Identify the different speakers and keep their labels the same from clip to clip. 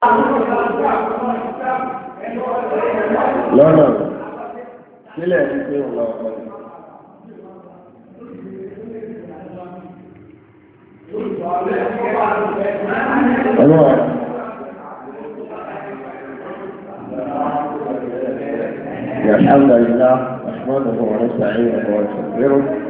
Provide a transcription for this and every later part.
Speaker 1: لا لا
Speaker 2: لا لا لا opo ni olowa
Speaker 1: الحمد لله نحمده ونستعينه ونستغفره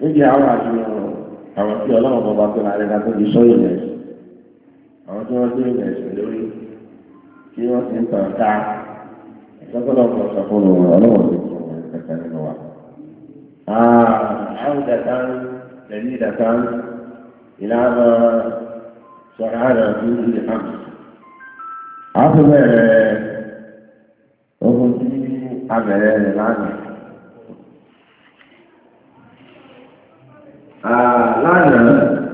Speaker 2: níbi àwọn àjùmọ̀ àwọn tí ọlọ́run bọ̀ bá tó lára ẹ̀ka tó fi sọ ìrìn àwọn tí wọ́n dé ìrìn lórí tí wọ́n ti ń tàn ká ìtọ́kọ́lọ́ kan sọ fún un ọlọ́run ti tún wọn kẹta nínú wa. Ah, àwọn dàtà ń lẹ́ni dàtà ń ìlànà sọ̀rọ̀ àrà fún ìlú hàmì. àtúbẹ̀rẹ̀ ogun tí a bẹ̀rẹ̀ rẹ̀ lánàá. lánàá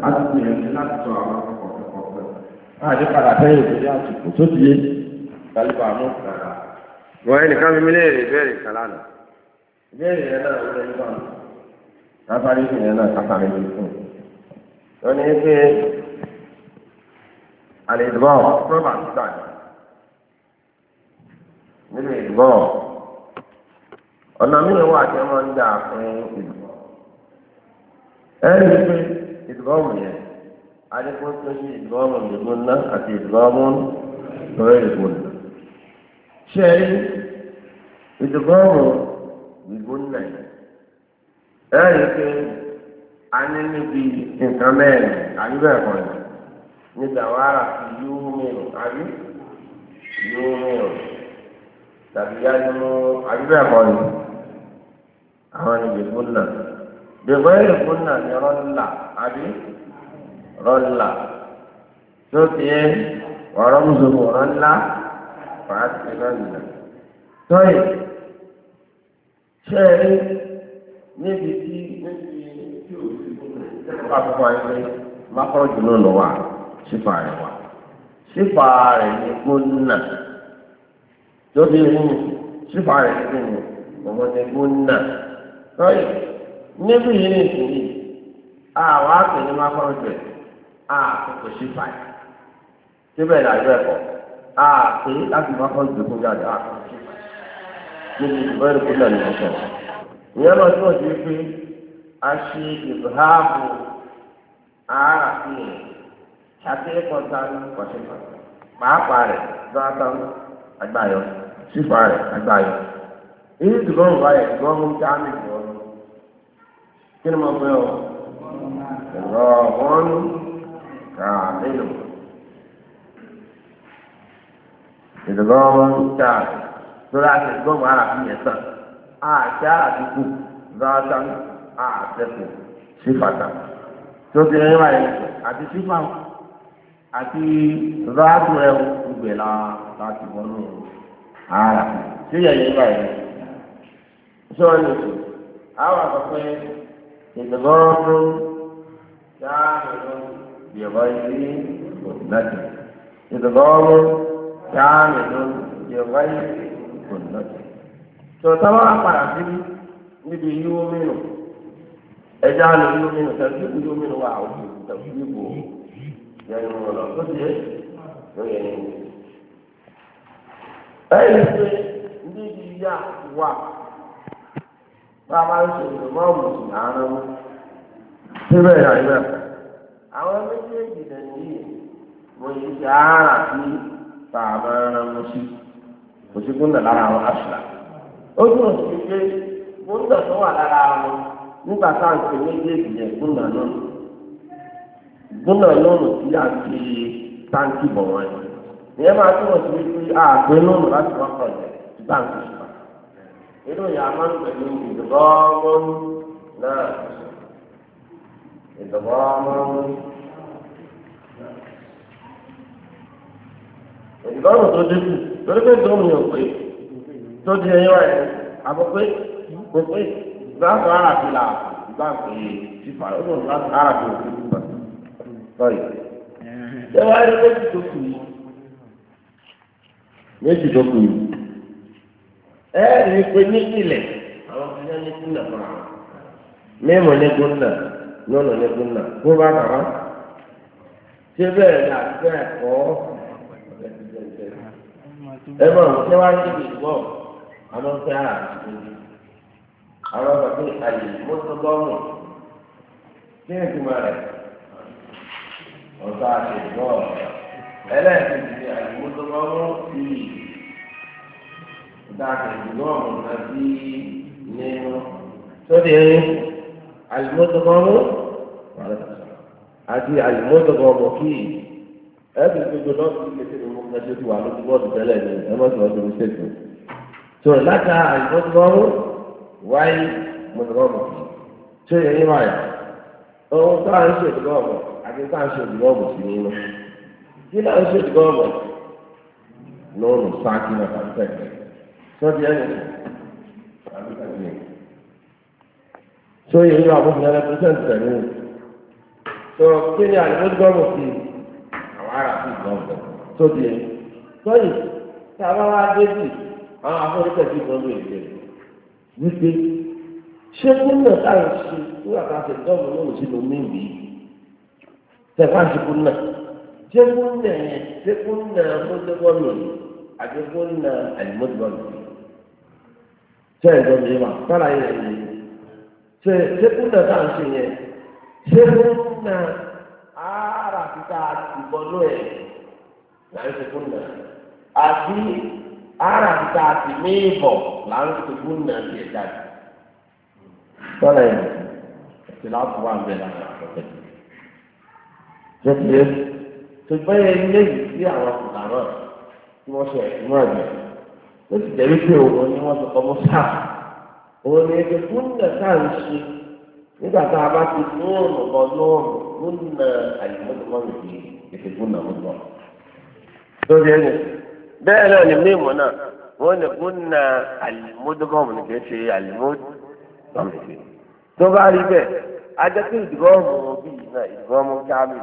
Speaker 2: a ti àwọn ọ̀pọ̀lọpọ̀ àti padà tẹ́yìn ìgbéyà àsìkò tó ti yé kálífà mú kàrà. wọ́n ẹnìkan mi mílẹ̀ èrè ìbéèrè kan lánàá. ìbéèrè ẹ̀rí pé ìdùbọ̀mù yẹn adékun tó ṣe ìdùbọ̀mù ìgbóná àti ìdùbọ̀mù lọ́rẹ́ ìgbóná. ṣé ìdùbọ̀mù ìgbóná yẹn ẹ̀rí pé a ní níbi nǹkan mẹ́rin àdúgbò ẹ̀kọ́ yẹn níbi àwọn ará fi yóò mìíràn àbí yóò mìíràn tàbí yá nínú àdúgbò ẹ̀kọ́ yẹn àwọn ìgbóná bẹ̀rẹ̀ ìrìnkúnnà ni rọ́là àbí rọ́là tó ti yẹ ọ̀rọ̀ ń zòrò rọ́là fàásì rọ́là. tọ́yì ṣe é rí níbi tí níbi tí ò sí kó àkókò ayé mákọ́rọ̀ jùlọ lọ wà sífà rẹ̀ wà sífà rẹ̀ ní gbóná tó ti rí sífà rẹ̀ ní gbóná ọmọdé gbóná tọ́yì. níbi yìí ní ìsìnyí àwọn àtẹ̀yẹ máa kọ́ ọ̀jẹ̀ àkókò sí fàì síbẹ̀ ní àjọ ẹ̀kọ́ àti láti máa kọ́ ọ̀jẹ̀ fún jáde àkókò sí fàì níbi ìbúra ìlú kúlẹ̀ ní ọ̀sẹ̀. ìyẹn ha bụ òsì pé a ṣe ìbáàbò àáràfihàn àti ìkọ̀tà kọ̀sífà pàápàá rẹ̀ dáadáa àgbáyọ̀ sífà rẹ̀ àgbáyọ̀. èyí kí ni mo fẹ́ ọ ẹ̀rọ ọ̀hún kàmínú
Speaker 1: ìdùnnú ọ̀hún
Speaker 2: kàmínú lórí àti ìgbọ́mọ̀ àràfin yẹn sàn àti àdúgbò ráátán àtẹ̀kù sífàtà tó ti rẹ́ wáyé àti sífà àti ráátù rẹ̀ gbogbo láti wọnú àràfin sí yẹ̀yẹ́ wáyé sọ́ọ́ ní oṣù àwọn àkọ́kọ́ yẹn. إضغام كامل بغير سنة إضغام كامل بغير سنة تعتبر فرعون níbi yíwó mìíràn ẹja lè yíwó mìíràn tẹ̀síwò yíwó mìíràn wà ó ti tẹ̀síwò yẹn tó ti yẹ ló yẹ ẹ̀yìn ṣe níbi yíyá wà bá a máa ń ṣe ìrọ̀mọ́ òmùsùn àárá mú. síbẹ̀ yà ibẹ̀. àwọn méjèèjì nàìjíríà mo yìí ṣe àárà sí bàbá ara mú sí kò sí kúndà lára àwọn aṣọ. ó dùn sí pé kúndà tó wà lára wọn nígbà tá à ń ṣe méjèèjì yẹn kúndà náà kúndà náà sí àti táǹkì bọ̀ pé àpé náà láti wá kọ̀ọ̀jẹ̀ báńkì ṣùgbọ́n nínú ìyá máa ń pẹ̀lú ìdùbọ́mọ́n náà ìdùbọ́mọ́n ìdùbọ́mọ́n tó dínkù lórí pé tó mi ò pé tó di ẹyọ ẹ àbọ̀pé kò pé ìgbàgbọ́ ara ti là ìgbàgbọ́ yìí ti fà ó lòun láti ara ti òkú ìgbà lọ́yẹ̀. ṣé wàá rí méjì tó kù yìí méjì tó kù yìí. ẹ̀ẹ́dì pé ní ilẹ̀ àwọn ọ̀gá ní kúnà fúnra wọn. ní kúnà lọ́nà ní kúnà kó bá kà wá. ṣé bẹ́ẹ̀ ni àti ẹ̀kọ́ ẹ mọ̀ ṣé wàá ní àwọn àti àwọn rẹ̀ àti ẹlẹ́ẹ̀kejì ni àyè dáàbò àti alimọ́tòkọ́mọ́ kí ẹ̀ẹ́dì gbogbo náà ti ìwọ̀n kan tó ti wà lójú bọ́ọ̀dù tẹ́lẹ̀ ní ẹ̀mọ́tò ọdún ṣètò. tó láta alimọ́tòkọ́mọ́ wáyé mọ́tòkọ́mọ́ kí tó yẹ yín báyà ohun tó à ń ṣe ìdúgbò àti tó à ń ṣe ìdúgbò sí nínú. kí náà ń ṣe ìdúgbò lọ́rùn sáà kí náà sọ́ọ́dì ẹ̀yẹ tó yẹ ìlú àbúrò ní ẹlẹ́pẹ̀sẹ̀ntì tẹ̀lé o tó kí ni àdìgbò gọ́ọ̀mù sí àwọn ará sí gọ́ọ̀mù tó di ẹ̀ sọ́yìn tí a bá wá débì àwọn afọ́nìkẹ̀sì gọ́ọ̀mù èdè wípé ṣé gómìnà táyà ṣe nígbà tá a ṣe gọ́ọ̀mù lóhùn sínú mímì tẹ̀fà ṣe gómìnà ṣé gómìnà ṣé gómìnà mọ́tò gọ́ọ̀mù àti ṣe ẹ̀jọ̀ mi wà sára yẹn yìí ṣe ṣe fún nàta ń ṣe yẹn ṣe fún nà ara kíkà ìbọnú ẹ̀ là ń ṣe fún nà àbí ara kíkà àti mímọ̀ là ń ṣe fún nà ó sì jẹ́ wípé òun ni wọ́n ti kọ́ mọ́ sáà òun ni ẹgbẹ́ fúnnà sáà ń ṣe nígbà tá a bá ti lóòrùn lọ lóòrùn fúnnà àyùmọ́tòmọ́ mi kì í ṣe fúnnà mọ́ lọ. lórí ẹni bẹ́ẹ̀ náà ni mímu náà wọ́n ní fúnnà àyùmọ́tòmọ́ mi kì í ṣe àyùmọ́tòmọ́ kì í. tó bá rí bẹ́ẹ̀ ajẹ́ pé ìdìbọ́ọ̀mù bíi náà ìdìbọ́ọ̀mù kámi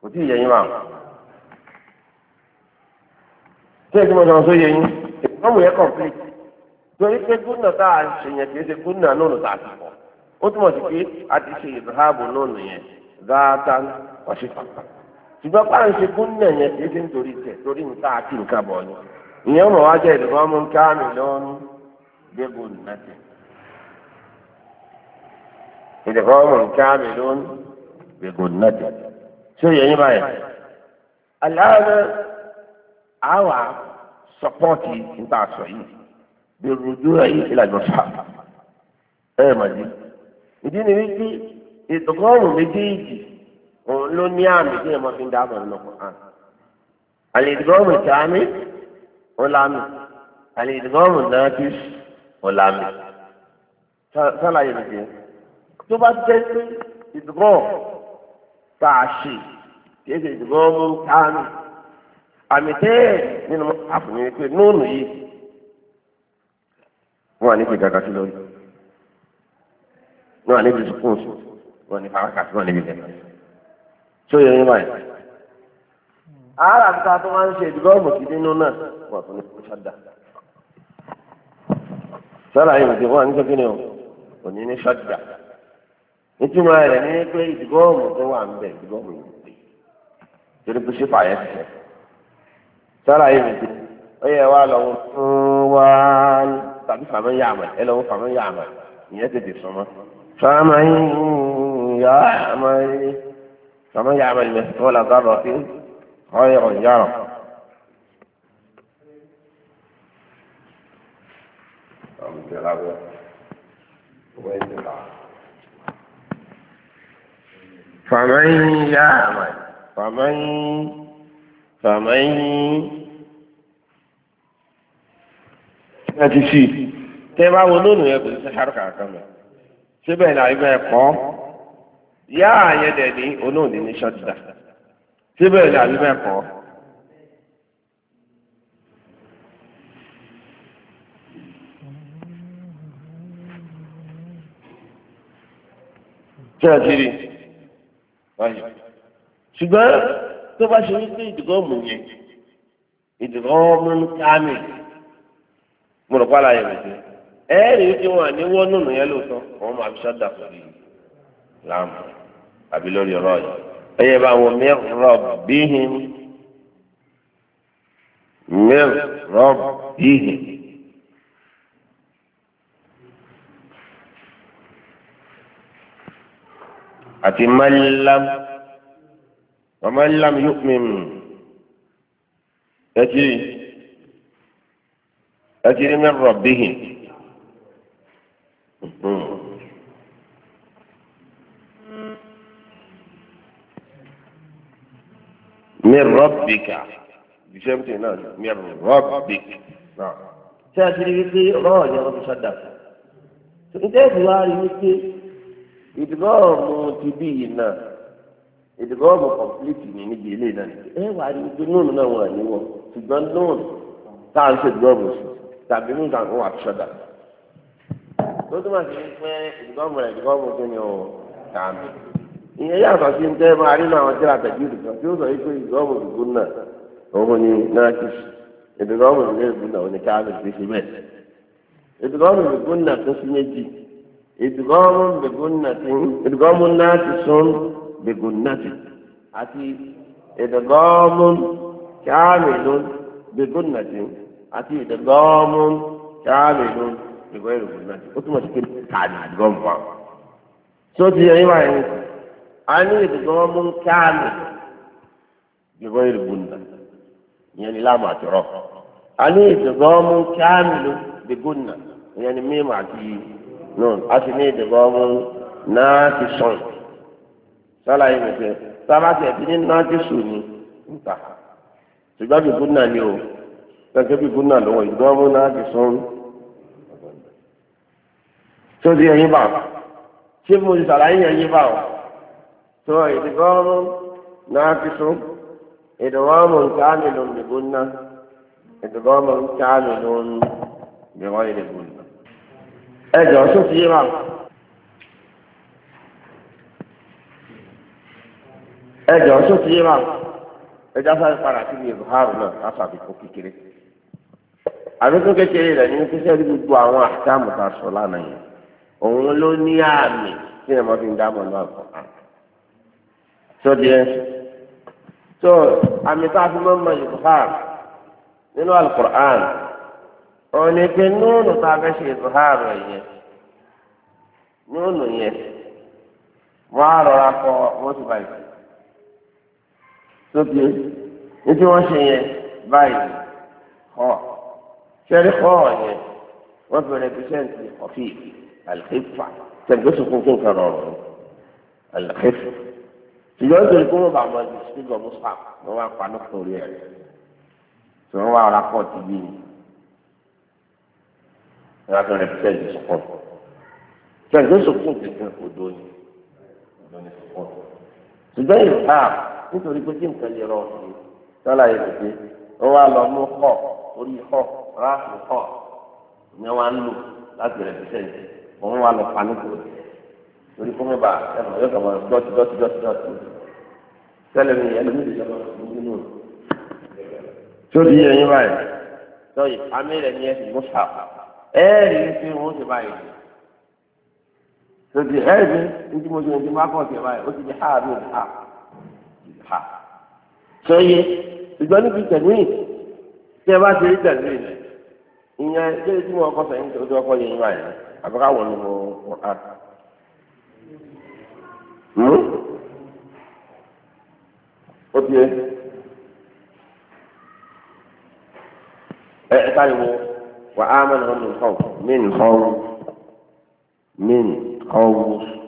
Speaker 2: kò tí ì yẹ tí èsì mọ̀jọ̀ ọ̀sọ́ yẹ yín ìfọ̀mù yẹ complete torí pé gúnà tá a ṣe yẹn kì í ṣe gúnà lónìí tá a ti pọ̀ ó túmọ̀ sí pé a ti ṣe ìdúráàbò lónìí yẹn dáadáa wáṣẹ pàpà ṣùgbọ́n báyìí ṣe gúnà yẹn kì í ṣe nítorí tẹ̀ torí ní tá a ti nǹkan bọ̀ ni ìyẹn mọ̀ wá jẹ́ ìdúráàmù káàmì lọ́nu gbégbó nìmẹ́tẹ̀ ìdúráàmù káàmì lọ́nu gbégbó nìmẹ́tẹ̀ ṣé yẹ a wà sọpọ́ọ̀tì níta sọ yìí bẹ̀rù ojú ayé ìlànà fà ẹ̀ mà ní. ìdí ni wípé ìtọ́gọ́rùn méjèèjì òun ló ní àmì tí ẹ̀mọ́ fi ń dáàbò nínú Qur'an. àlè ìdígọ́rùn ìtààmì ọ̀làmì àlè ìdígọ́rùn náà ti ọ̀làmì. sálàyé mi jẹ́ tó bá jẹ́ pé ìdígọ́rùn tá a ṣe kí ẹ ṣe ìdígọ́rùn táàmì àmì tẹ́ẹ̀ nínú mọ́tàbù ni pé nóònù yìí wọn à ní fi gàgà sí lórí wọn à ní fi sùkúù sùn wọn à ní fi àwákàtí wọn à ní fi lẹ́nu tó yẹ yín báyìí. ara ta tó máa ń ṣe ìdúgbòmù sí nínú náà wọn àtúnní kó ṣáda sọ́ra yìí wòde wọn à ní sọ kíni o kò ní ní ṣáda nítorí rẹ̀ ní pé ìdúgbòmù tó wà ń bẹ̀ ìdúgbòmù yìí torí pé ṣé fàyẹ̀ ti sẹ́kù sára yìí nìyí ó yẹ wá lọ́wọ́ fún wá tàbí fàmọ́ yà ẹ lọ́wọ́ fàmọ́ yà ìyẹn tètè sọmọ. fàmọ́ yà àmà fàmọ́ yà àmà la gbàgbọ́ sí ọ̀yọ̀ yàrá. فمن يعمل فمن fàmáyín láti sí tẹ́ bá wo lónìí ẹ kò sí sáré kankan mọ́ síbẹ̀ náà ibà ẹ̀ kọ́ yá àyẹ̀ dẹ̀ ní olóòní ní ṣọ́dídà síbẹ̀ náà ibà kọ́. tí a ti rí ṣùgbọ́n tó bá ṣe wípé ìdìgọ́mù yẹn ìdìgọ́mù ń ká mi mo rò pàlà yẹn lòdì ẹ rí wípé wọn àní wọ́n nùnú yẹn lóòótọ́ wọn máa fi ṣọ́dà pẹ̀lú láàmù àbí lórí ọ̀rọ̀ yẹn ẹ̀yẹ bá wọn mẹ́rọ̀ bíhìn mẹ́rọ̀ bíhìn. àti mẹ́lẹ́mù. ومن لم يؤمن أجري أجري من ربه من ربك بشمتي نعم من ربك نعم تأجري بكي الله يا رب صدق فإذا أدواري بكي إدغام تبينا ìdìbò ọ̀bọ̀ kọ̀mpilíìtì ní níbi ilé náà nìyẹn ẹ wà á ní pé nóònù náà wà ní wọn ṣùgbọ́n nóònù tá à ń ṣe ìdìbò ọ̀bọ̀ sùn tàbí mú kàn wà ṣọ́dà tó túmọ̀ sí pé ìdìbò ọ̀bọ̀ rẹ̀ ìdìbò ọ̀bọ̀ kìíní o kàmì ìyẹn yàtọ̀ sí tẹ́ máa rí náà wọn jẹ́ àtẹ̀jú ìdìbò tí ó sọ pé ìdìbò ọ̀bọ̀ dùgbò náà òun ni nàkìs ìdìbò ọ̀bọ̀ dùgbò náà ni káàmì fi ìdìbò ọ̀bọ̀ ìdìbò náà ti sún bìgùnnàtì àti ati kíámìlú bìgùnnàtì àti ìdẹ̀gọ́mù kíámìlú bìgùnnàtì ó túmọ̀ sí pé tààdì ìdẹ̀gọ́mù wa. sóòtì ẹ̀yìn wáyé ń sọ a ní ìdẹ̀gọ́mù kíámìlú bìgùnnàtì ìyẹn ni láàmú àtọ̀rọ̀ a ní ìdẹ̀gọ́mù kíámìlú bìgùnnàtì ìyẹn ni mímọ̀ sọ́la yìí mẹ̀fẹ́ sábàtì ẹ̀fí ní nájúṣù ni níta ṣùgbọ́n bíbú náà ni o gbẹ̀gbẹ́ bíbú náà lọ́wọ́ ìgbọ́n mú nájúṣù ń tó di ẹyin bá ṣé mo ti sàlàyé ẹyin bá o tó ìdìgbọ́n mú nájúṣù ìdìgbọ́n mú nǹkan nílò bíbú náà ìdìgbọ́n mú nǹkan nílò bíbú náà ẹ̀jọ̀ sófin yìí bá o. ẹjọ́ tó ti yé máa ẹjọ́ sáré padà síbi ìbáàrù náà lásàbíkó kékeré àbíkó kékeré rẹ̀ ní kíkẹ́ rí gbogbo àwọn àtàmù tá a sọ lánàá yẹn òun ló ní àmì tí ẹ̀ máa fi ń dábọ̀ náà kọ̀ á tó di ẹ́ tó àmì tá a fi máa ń mọ ìbáàrù nínú alukur'an òun pé núùnù tá a fẹ́ ṣe ìbáàrù yẹn núùnù yẹn wọ́n á rọra kọ́ wọ́n ti báyìí sókè ní tí wọ́n ṣe yẹn báyìí kọ́ ṣẹ́rí kọ́ yẹn wọ́n fi rẹpísẹ́ǹtì ọ̀fì àlùkẹ́fà tẹ̀gbẹ́sì kún kí nǹkan rọrùn àlùkẹ́fà ṣùgbọ́n nítorí kó wọ́n bá wọn di sígbọ̀n mùsà wọ́n wá pa ní kórè ẹ̀ tí wọ́n wá ọ̀rá pọ̀ tì bí wọ́n fi rẹpísẹ́ǹtì sọ̀kọ̀ tẹ̀gbẹ́sì kún kí nǹkan òdo ni òdo ni sọ̀kọ̀ ṣùgbọ́n ìfà nítorí pé kí nǹkan lè rọ ọ̀sìn sọ́la yìí lè dé ó wá lọ mú kọ́ orí kọ́ ráàfù kọ́ ìyẹn wá ń lò láti rẹ̀ fíṣẹ́ yìí òun wá lọ pa nítorí torí kó mẹ́ba ẹ̀rọ yóò kàn mọ́ dọ́tí dọ́tí dọ́tí dọ́tí tẹ́lẹ̀ mi ẹlòmíì lè yọ tó di yẹn yín báyìí sọyìn àmì rẹ̀ ni ẹ ti mú sàp ẹ̀ẹ́rì ní fi wọ́n ti báyìí tó di ẹ̀ẹ́rì ní ti mo ti mo ti má kọ̀ ọ̀sẹ̀ báyìí ó ti di háàbí òun ha sọyẹ ìgbà níbi tẹ̀gbìn tí ẹ bá ti rí tẹ̀gbìn ìyẹn tí èyí tí mo kọ́ sẹ́yìn tó tó kọ́ yẹn yín báyìí àbúrò àwọn ọmọ ọ̀hán. ó ti ẹ ẹ ẹ sáré wà á mọ̀ ní ọ̀hún mi nìkan mi nìkan mi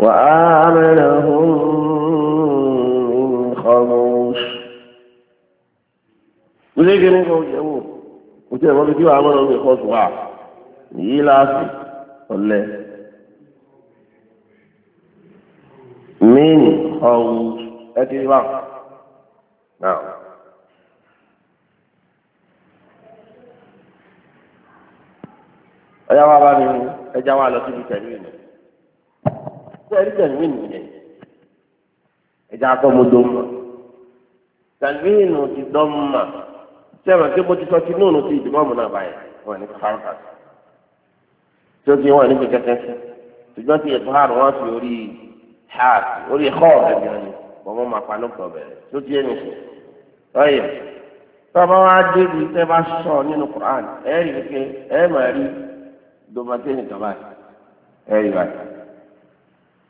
Speaker 3: وآمنهم
Speaker 2: من خموش وزيك نيكو جمو وتي ما بيجي عملهم يخوص واع يلاسي ولا من خوش أتي واع نعم أيها الأخوة أجاوا على سبيل التعليم sẹ́ẹ̀rí tẹ̀wín nìyẹn ẹ̀jẹ̀ akọ́mọdọ́mọ tẹ̀wín ti dọ́mọ sẹ́wọ̀n tí mo ti sọ ti nóònù ti ìdìbò mọ̀ náà báyìí wọ́n ní fáńfà tí ó ti wọ́n ní kẹ́kẹ́ sí ṣùgbọ́n ti ẹ̀kọ́ àrùn wọn fi orí hàt orí ẹ̀kọ́ ẹ̀jẹ̀ ni bọ́mọ́ máa pa lóko bẹ̀rẹ̀ tí ó ti yé nìṣẹ́ ọ̀yẹ̀ tọ́ba wa dé ibi tẹ́ bá sọ nínú Qur'an ẹ̀ẹ́rì kékeré ẹ̀ẹ́ máa rí dòmọ́tẹ́nì kàbáyì ẹ̀ẹ́rì báyìí.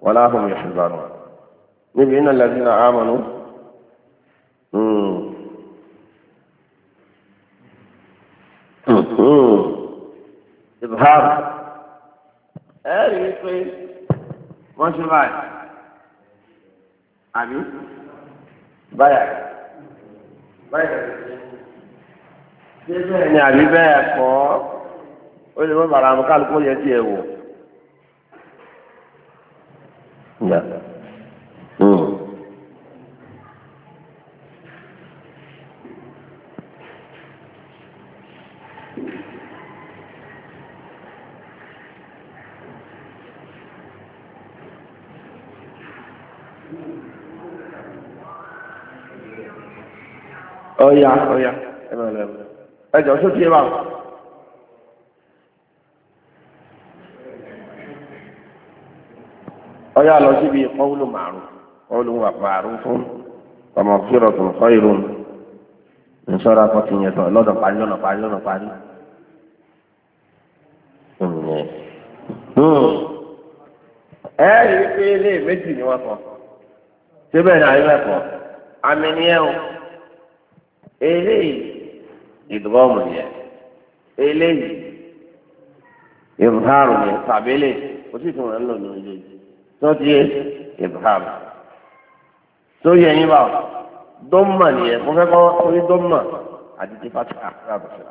Speaker 2: wala hum yahzanun níbi iná lẹ́sìn àmọ́nú ìbáàrù ẹ rí i pé wọ́n ṣe báyìí àbí báyà báyà ṣé bẹ́ẹ̀ ni àbí bẹ́ẹ̀ kọ́ ó lè mọ́ bàrà àmọ́ kálukú yẹ tiẹ̀ wò.
Speaker 1: Dạ. Ừ.
Speaker 2: Ờ dạ, ờ dạ. Em ơi, em. Ê, chỗ xuất kia bằng. ọyá lọ síbi kọ́wúlù màrún kọ́wúlù màrún fún ọmọ fúrọ̀ tó ń kọ́ irun nsọ́ra kọ́ ti yẹn tán lọ́dọ̀ parí lọ́dọ̀ parí lọ́dọ̀ parí. Hmm. ẹ rí i pé ilé méjì ni wọ́n kọ́ síbẹ̀ ní ayé mẹ́kọ̀ọ́ àmì ni ẹ o eléyìí ìdúgbọ́mù yẹn eléyìí ìrùhárù yẹn tàbí eléyìí kò sí ìtumọ̀ ẹ̀ lò ní eléyìí tó ti yé ibrahim bá dọ́mà nìyẹn mo fẹ́ kọ́ orí dọ́mà àti ti fa ṣáà rábà ṣe.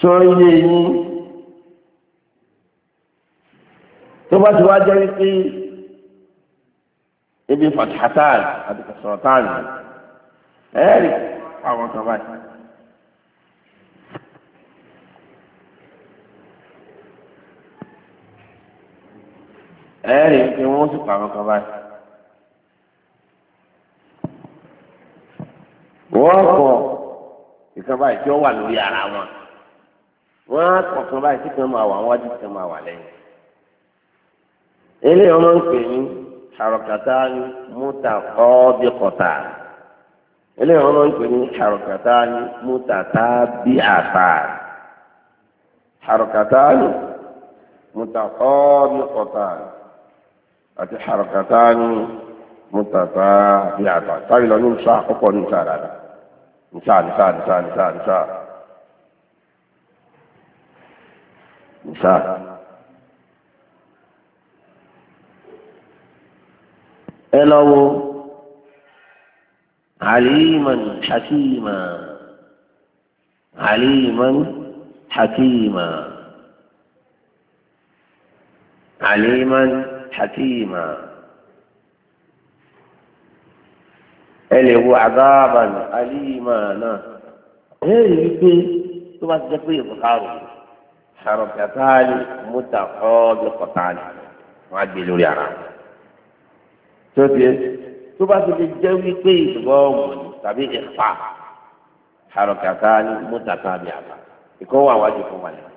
Speaker 2: tó yẹ tó bá ti wá jẹ́ wípé ibi fatahatan àti kasratan ẹ̀ẹ́rì àwọn kan báyìí. ẹ̀ẹ́rì pé wọ́n sì pàrọ̀ kan báyìí. wọ́n kọ̀ ìkan báyìí tí ó wà lórí ara wọn wọ́n á kọ̀ kan báyìí tí máa wà wájú tí kan máa wà lẹ́yìn. eléyìí wọ́n ń pè ní àròkàtà múta kọ̀tà ń pè àti harakata ni mutata àti ata táyì lọ ní nsa ọkọ ní nsa dada nsa nsa nsa nsa nsa nsa. ẹ lọ wo aliman hakima aliman hakima aliman. hakima ẹ lè wo àgáàbàn alíma náà ẹ rí i pé tó bá ti jẹ́ pé ìbùkárù sàrọ̀kẹ́tàlì mútàkọ́ọ́bì kọ̀tàlì wọ́n á gbé lórí ara tó ti tó bá ti lè jẹ́ wípé ìdùbọ̀ ọ̀mọ̀ni tàbí ìfà sàrọ̀kẹ́tàlì mútàkọ́ọ́bì àbá ìkọ́wọ́ àwájú fún wa lẹ́yìn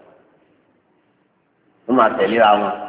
Speaker 2: wọ́n máa tẹ̀lé ra wọn.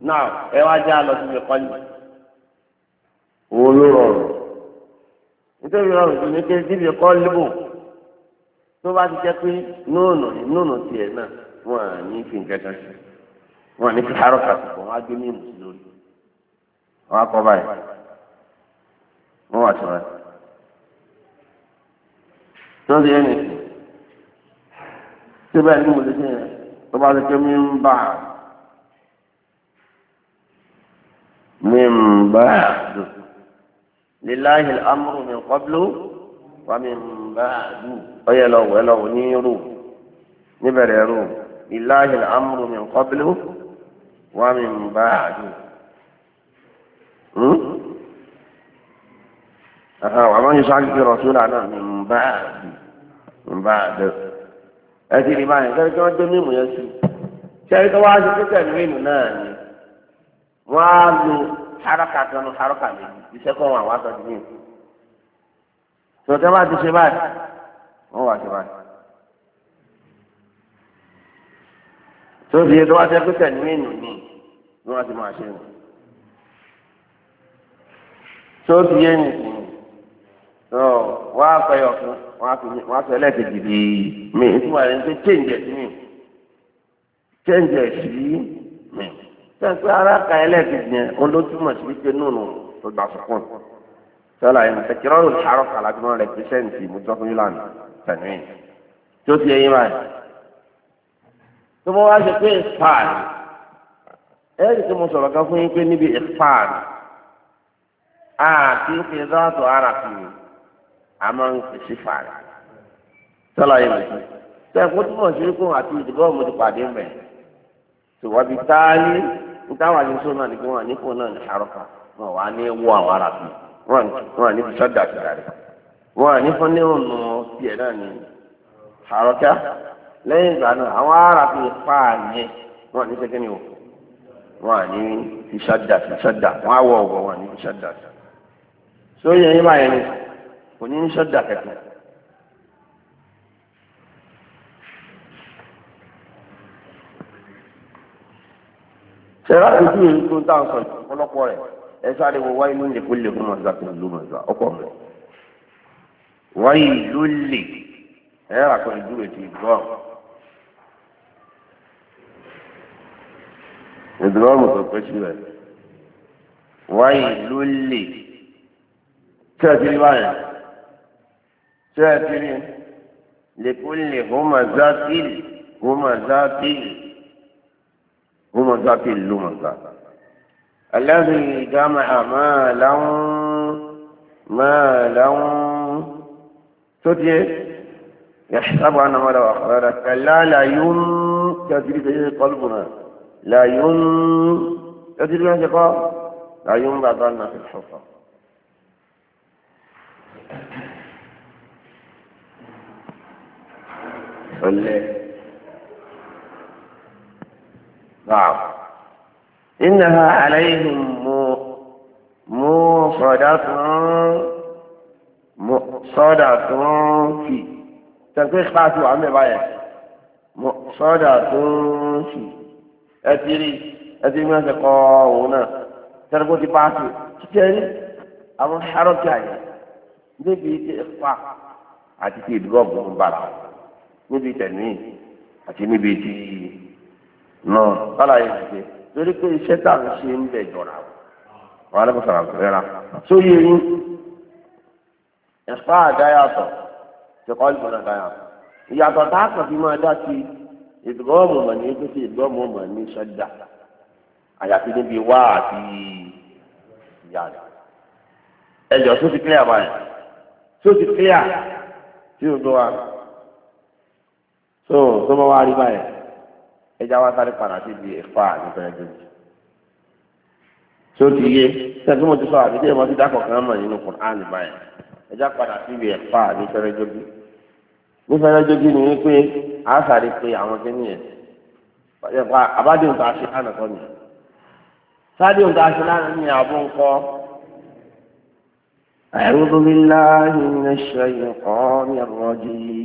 Speaker 2: náà ẹ wá alọ lọ síbi kọ́lì òun ló rọrùn nítorí rọrùn tó ní pé síbi tó bá ti jẹ́ pé nóònù nóònù tiẹ̀ náà wọ́n à ní fi nǹkan kan sí wọ́n à ní fi àárọ̀ kàtìkọ̀ wọ́n á gbé mímu sí lórí wọ́n á kọ́ báyìí wọ́n wà sọ́ra tó ń di ẹnì sí bẹ́ẹ̀ ni mo ti sìn tó bá ti jẹ́ من بعد لله الأمر من قبل ومن بعد أي لو ولو نيرو نبررو لله الأمر من قبل ومن بعد أها ومن يشعر في رسول الله من بعد من بعد أتي لمعنى ذلك ما الدميم يسير شاهد واحد كتن منه ناني wọ́n á lo haraka kan lo haraka mi iṣẹ́ kan wà wá sọ di yìí tòótọ́ bá ti ṣe báyìí wọ́n wà ṣe báyìí. tó fi yẹ tó wá ṣe pé tẹ̀lé mi nù ní ni wọ́n ti máa ṣe nù. tó fi yẹ nì sí ọ wọ́n á fẹ́ ọ̀kan wọ́n á fẹ́ ẹlẹ́ẹ̀kejì bíi mi ìtumọ̀ rẹ̀ ń pé change sí mi change sí sẹ́ńpé aráka ẹlẹ́ẹ̀kejì yẹn òun ló túmọ̀ sí wípé nùnù tó gbà sọ̀kún sọ́la yẹn tẹ̀ kírọ́rù àárọ̀ kàlábí wọn rẹpírẹ́sẹ̀ǹtì mùtọ́fún yúlàn tẹ̀mí tó ti ẹyin báyìí tó bá wá ṣe pé ìfàd ẹ̀rí tí mo sọ̀rọ̀ kan fún yín pé níbi ìfàd àti ń fi dáàtò ara fi a máa ń fi fàd sọ́la yẹn báyìí tẹ̀ kó túmọ̀ sí wípé àti ìdìbò ọmọdé pàdé mẹ́ tòwábi táyé ntáwà ní sọ náà ni wọn ní fún náà ní àròkà wọn wà ní wọ àwọn ará bí wọn ní bisọ dàkìdà rẹ wọn ní fún ní ònà tiẹ̀ náà ní àròkà lẹ́yìn ìgbà náà àwọn ará pa àyẹ wọn ní sẹkẹ ní o wọn ní bisọ dà bisọ dà wọn awọ ọgbọ wọn ní bisọ dà sóyè yín báyẹn ni kò ní bisọ dà ṣẹlá tuntun yìí tó ń tà ń sọ ọ̀pọ̀lọpọ̀ rẹ̀ ẹ sáré wo wáyé lóde kó lè fún mọ̀nsá tó ń lu mọ̀nsá ọkọ̀ mọ̀ wáyé ló lè ẹ rà kọ́ ìdúró ti gbọ́. ìdúró mọ̀ tó pẹ́ sí rẹ̀ wáyé ló lè tí a ti rí báyìí tí a ti rí lè kó lè fún mọ̀nsá tó ń lu mọ̀nsá tó همزة اللمزة الذي جمع مالا مالا تدري يحسب أن ماله أخبرك لا لا ين تدري به قلبنا لا ين تدري به قلبنا لا بعضنا في الحفرة قل لي نعم إنها عليهم موصدة مؤصدة في تنقيق بعثوا عمي بايا مؤصدة في أتري أتري ما تقاونا تربو تبعثوا تتاني أو حركة يعني نبي تقطع عتيتي دروب مبارا نبي تنوين عتيتي نبي تي nù kọ́lá yìí ti ṣe torí pé iṣẹ́ tá à ń ṣe ń bẹ̀ jọra wọn alẹ́ kò sọ̀rọ̀ àgbẹ̀rẹ́ra sóyè yín ẹ̀fọ́ àdáyàtọ̀ ṣèkọ́ ìgbọ̀nà àdáyàtọ̀ ìyàtọ̀ tá a kàn fi máa dá sí ìdúgbọ́mù mọ̀ ní pé sí ìdúgbọ́mù mọ̀ ní sọ́jà àyàfi níbi wá àti ìyá rẹ̀ tó ti clear báyìí tó ti clear tí o gbọ́ wa tó tó bá wá rí báyìí ẹja wa sáré padà sí ibi ìfà níbẹ̀rẹ̀ kejì tí ó ti yé sẹ́ni mo ti sọ àbí díẹ̀ mo ti dákọ̀ kan mọ̀ nínú Kùránì báyìí ẹja padà sí ibi ìfà níbẹ̀rẹ̀ kejì nífẹ̀ẹ́ jogi ni wípé a sáré pé àwọn kẹ́ni yẹn àbádéhùn tó a ṣe lánàá kọ́ nìyẹn sádéhùn tó a ṣe lánàá nìyẹn àbó ńkọ́. أعوذ بالله من الشيطان الرجيم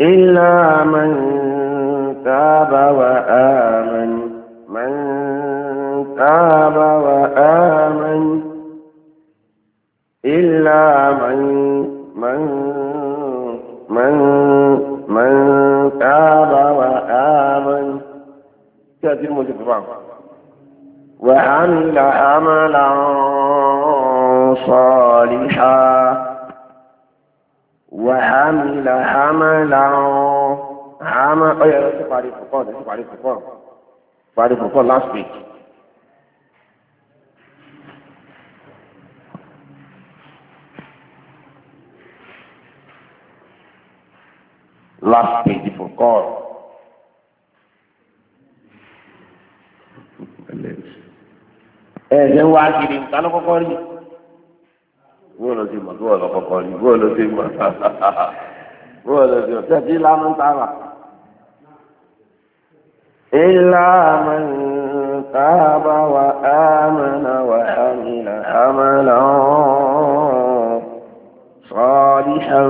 Speaker 2: إلا من تاب وآمن من تاب وآمن إلا من من من من تاب وآمن تأتي المتفق وعمل عملا صالحا وحمل حملا la, أي أي تعرف فقال تعرف فقال last week last page for call. bóòlù ti mọ̀ bóòlù kọ̀kọ́ ni bóòlù ti mọ̀ bóòlù ti mọ̀ tẹ̀sí lánà ń tààrà. إلا من تاب وآمن وعمل عملا صالحا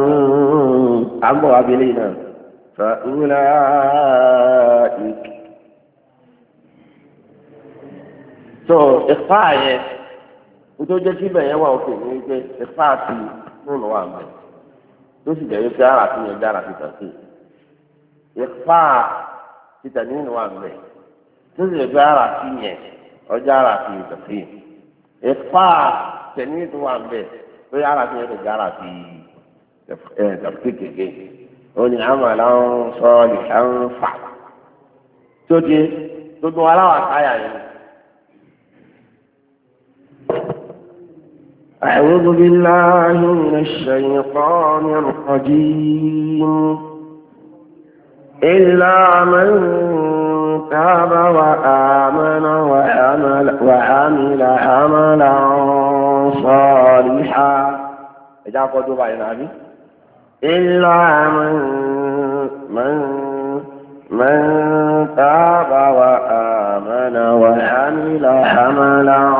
Speaker 2: عمرو عبلينا فأولئك تو إقطاع nítorí jẹ́ kí ibẹ̀ yẹn wà òkè ní wípé ẹ páàtì nínú wà mẹ́ tó sì ara fi yẹn dára fi tàṣe ìfá títà wà tó sì ara yẹn ara fi tẹ̀lé wà tó ara yẹn tẹ̀lé fi kéke أعوذ بالله من الشيطان الرجيم إلا من تاب وآمن وعمل, وعمل عملا صالحا إذا قلت بعد نبي إلا من من من تاب وآمن وعمل عملا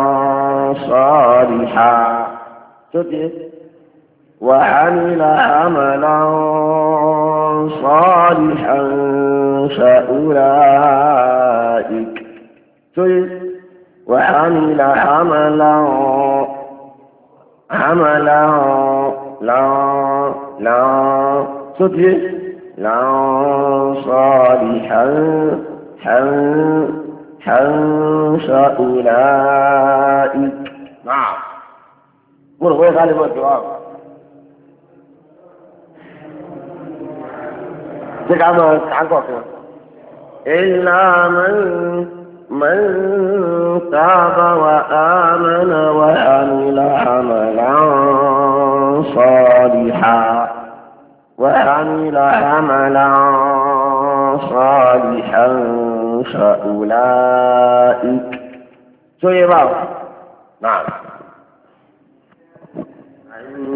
Speaker 2: صالحا وعمل عملا صالحا فأولئك وعمل عملا عملا لا لا تجد لا صالحا حن حن فأولئك مرة هو غالبا الدعاء تقع ما تعقوا إلا من
Speaker 3: من تاب وآمن وعمل عملا
Speaker 2: صالحا وعمل عملا صالحا فأولئك سيبا نعم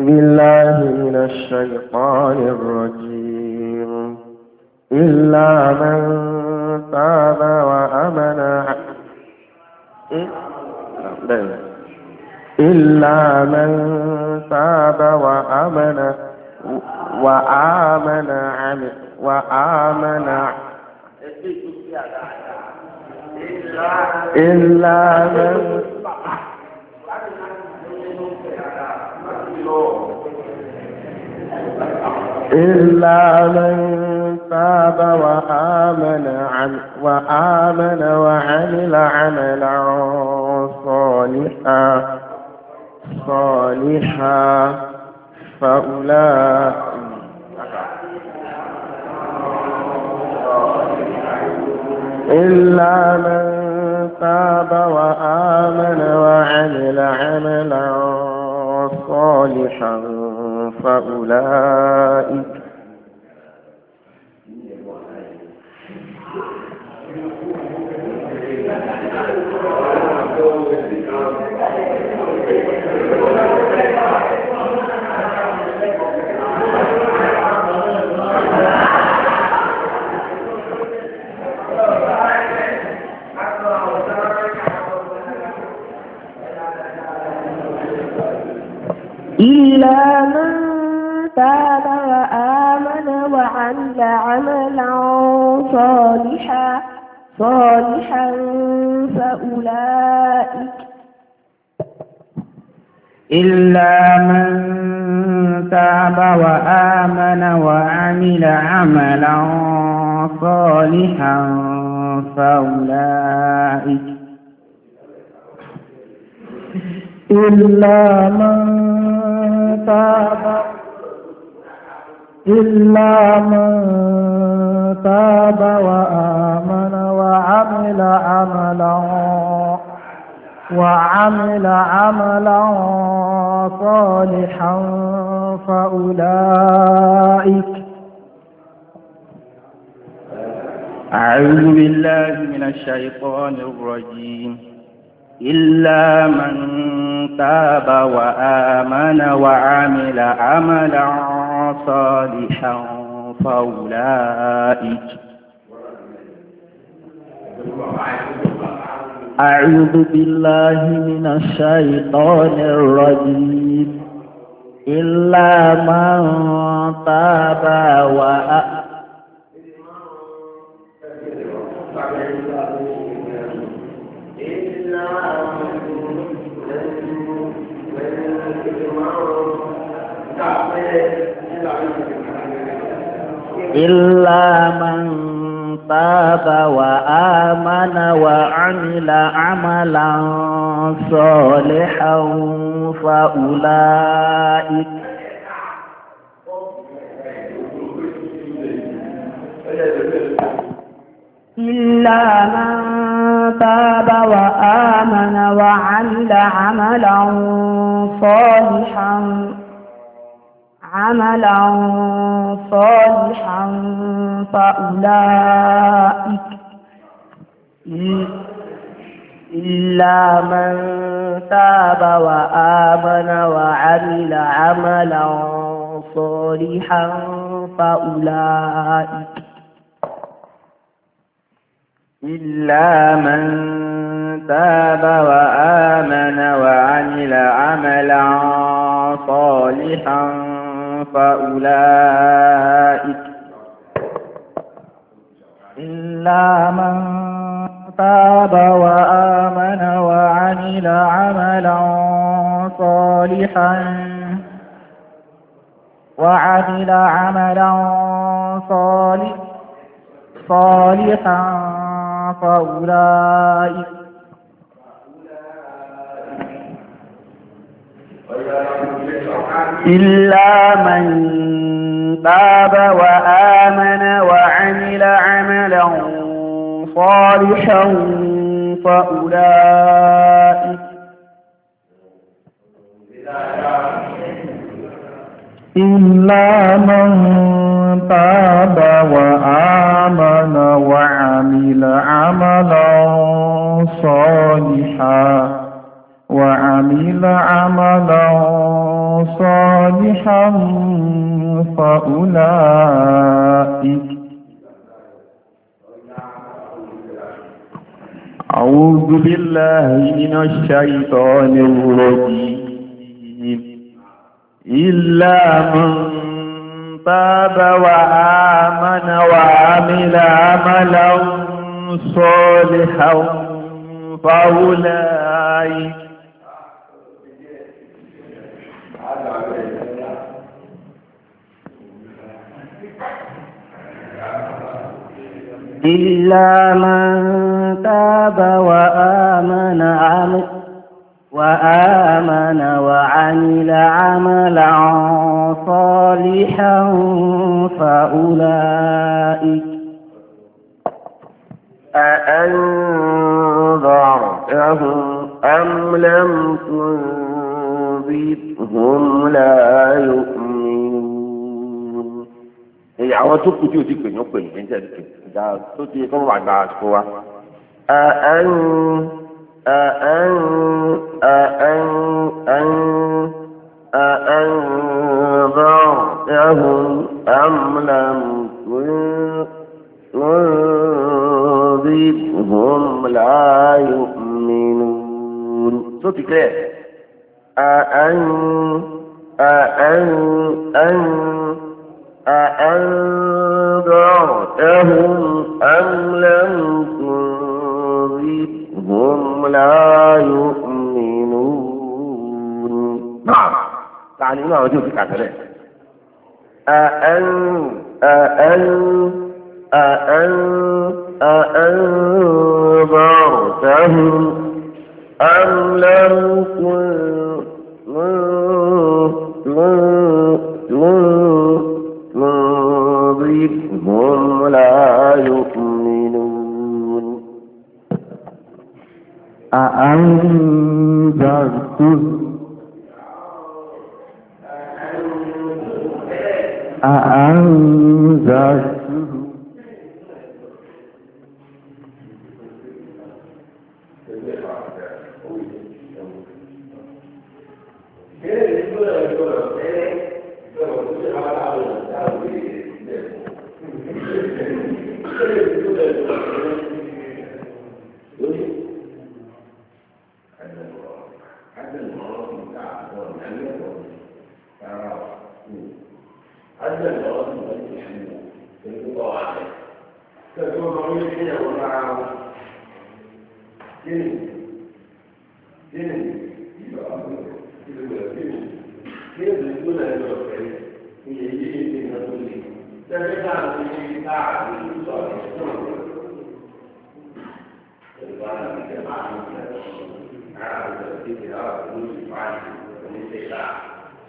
Speaker 2: بالله من الشيطان الرجيم
Speaker 3: إلا من تاب وأمن
Speaker 2: إلا
Speaker 3: من تاب وأمن وآمن عمل وآمن
Speaker 1: إلا من إلا
Speaker 3: من تاب وآمن عن وآمن
Speaker 2: وعمل عملا صالحا صالحا فأولئك
Speaker 3: إلا من تاب وآمن وعمل عملا
Speaker 2: صالحا فأولئك
Speaker 1: Thank you.
Speaker 3: إلا من تاب وآمن وعمل عملا صالحا صالحا فأولئك إلا من تاب وآمن وعمل عملا صالحا فأولئك إلا من تاب إلا من تاب وآمن وعمل عملا وعمل عملا صالحا فأولئك أعوذ بالله من الشيطان الرجيم إلا من تاب وآمن وعمل عملا صالحا فأولئك أعوذ بالله من الشيطان الرجيم إلا من تاب وآمن إلا من تاب وآمن وعمل عملا صالحا فأولئك إلا من تاب وآمن وعمل عملا صالحا عملا صالحا فأولئك إلا من تاب وآمن وعمل عملا صالحا فأولئك إلا من تاب وآمن وعمل عملا صالحا فأولئك إلا من تاب وآمن وعمل عملا صالحا وعمل عملا صالح صالحا فأولئك إلا من تاب وآمن وعمل عملا صالحا فأولئك إلا من تاب وآمن وعمل عملا صالحا وعمل عملا صالحا فأولئك أعوذ بالله من الشيطان الرجيم إلا من تاب وآمن وعمل عملا صالحا فأولئك إلا من تاب وآمن عمل وآمن وعمل عملا صالحا فأولئك
Speaker 2: أأنذرتهم أم لم تنذرهم لا يؤمنون. Èyí إيه، àwọn tó kù tí o ìgbà tó ti yẹ kó wà gbà àsìkò wa. أن أأن أأن أن
Speaker 3: أأنذرتهم أم لم
Speaker 2: تنذرهم لا يؤمنون صوتي كده أأن أأن أن أأنذرتهم أم لم تنذرهم لا يؤمنون نعم تعالي ما وجودك على أأن
Speaker 3: أأن أأن أأنذرتهم
Speaker 2: أم لم تنذرهم هم لا يؤمنون
Speaker 3: أأنذرتم أأنذرتم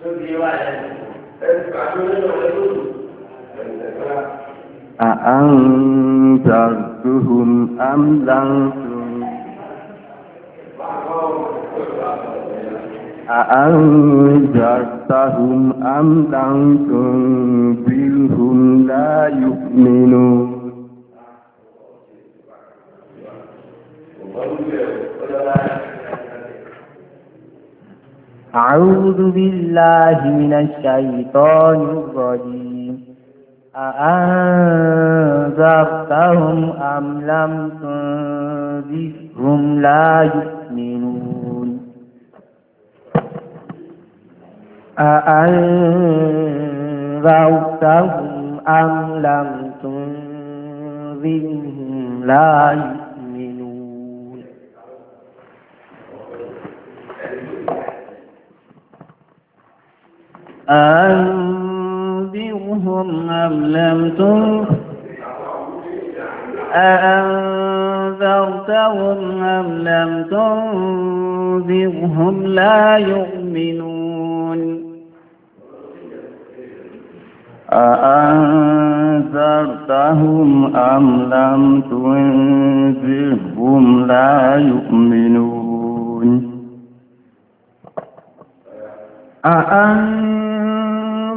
Speaker 1: tó di wá lẹ́nu ẹni pàtó nínú rẹ lóru
Speaker 3: أأنذرتهم أم لم
Speaker 2: أأنذرتهم أم لم تنذرهم لا يؤمنون أعوذ
Speaker 3: بالله من الشيطان الرجيم أأنذرتهم أم لم تنذرهم لا يؤمنون أأنذرتهم أم لم تنذرهم لا يؤمنون أأنذرهم أم لم أأنذرتهم أم لم تنذرهم لا يؤمنون أأنذرتهم أم لم تنذرهم لا يؤمنون أأنذرتهم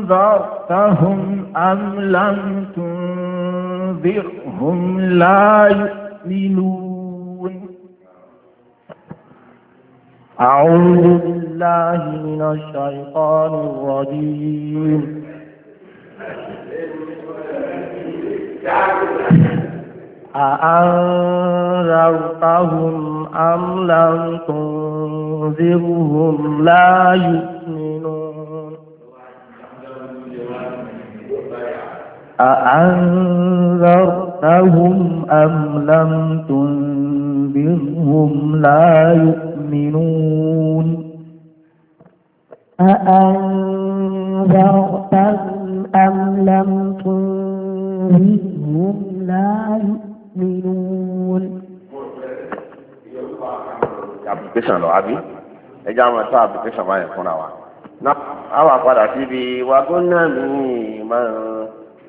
Speaker 3: أنذرتهم أم لم تنذرهم لا يؤمنون أعوذ بالله من الشيطان الرجيم أأنذرتهم أم لم تنذرهم لا يؤمنون أأنذرتهم أم لم تنذرهم لا يؤمنون أأنذرتهم أم لم تنذرهم لا يؤمنون
Speaker 2: application lọ àbí ẹjọ́ àwọn ẹ̀tọ́ application báyẹn fúnra wa. náà àwọn àpadà síbi wàgónà mi máa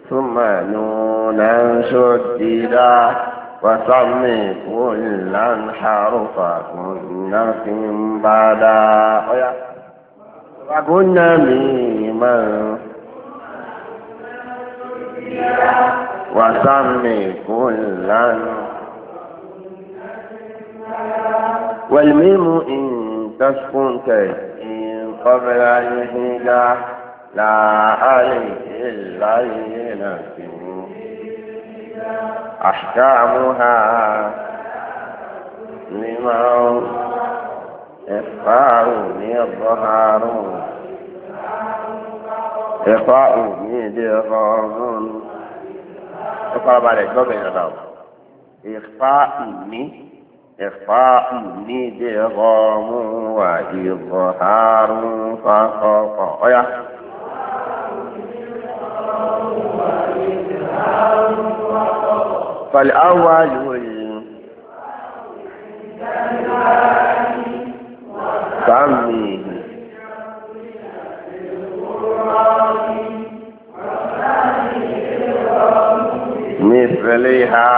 Speaker 2: ثم نونا شددا وصم كلا حرفا كنا بعدا وكنا ميما وصم كلا والميم إن تسكن كي قبل الهجاء لا عليه العينة أحكامها لما إخفاء يظهر إخفاء اقرب عليك ما بين الأرض إخفاء إخفاء ضغام وإظهار فقط فالأول سميه مثلها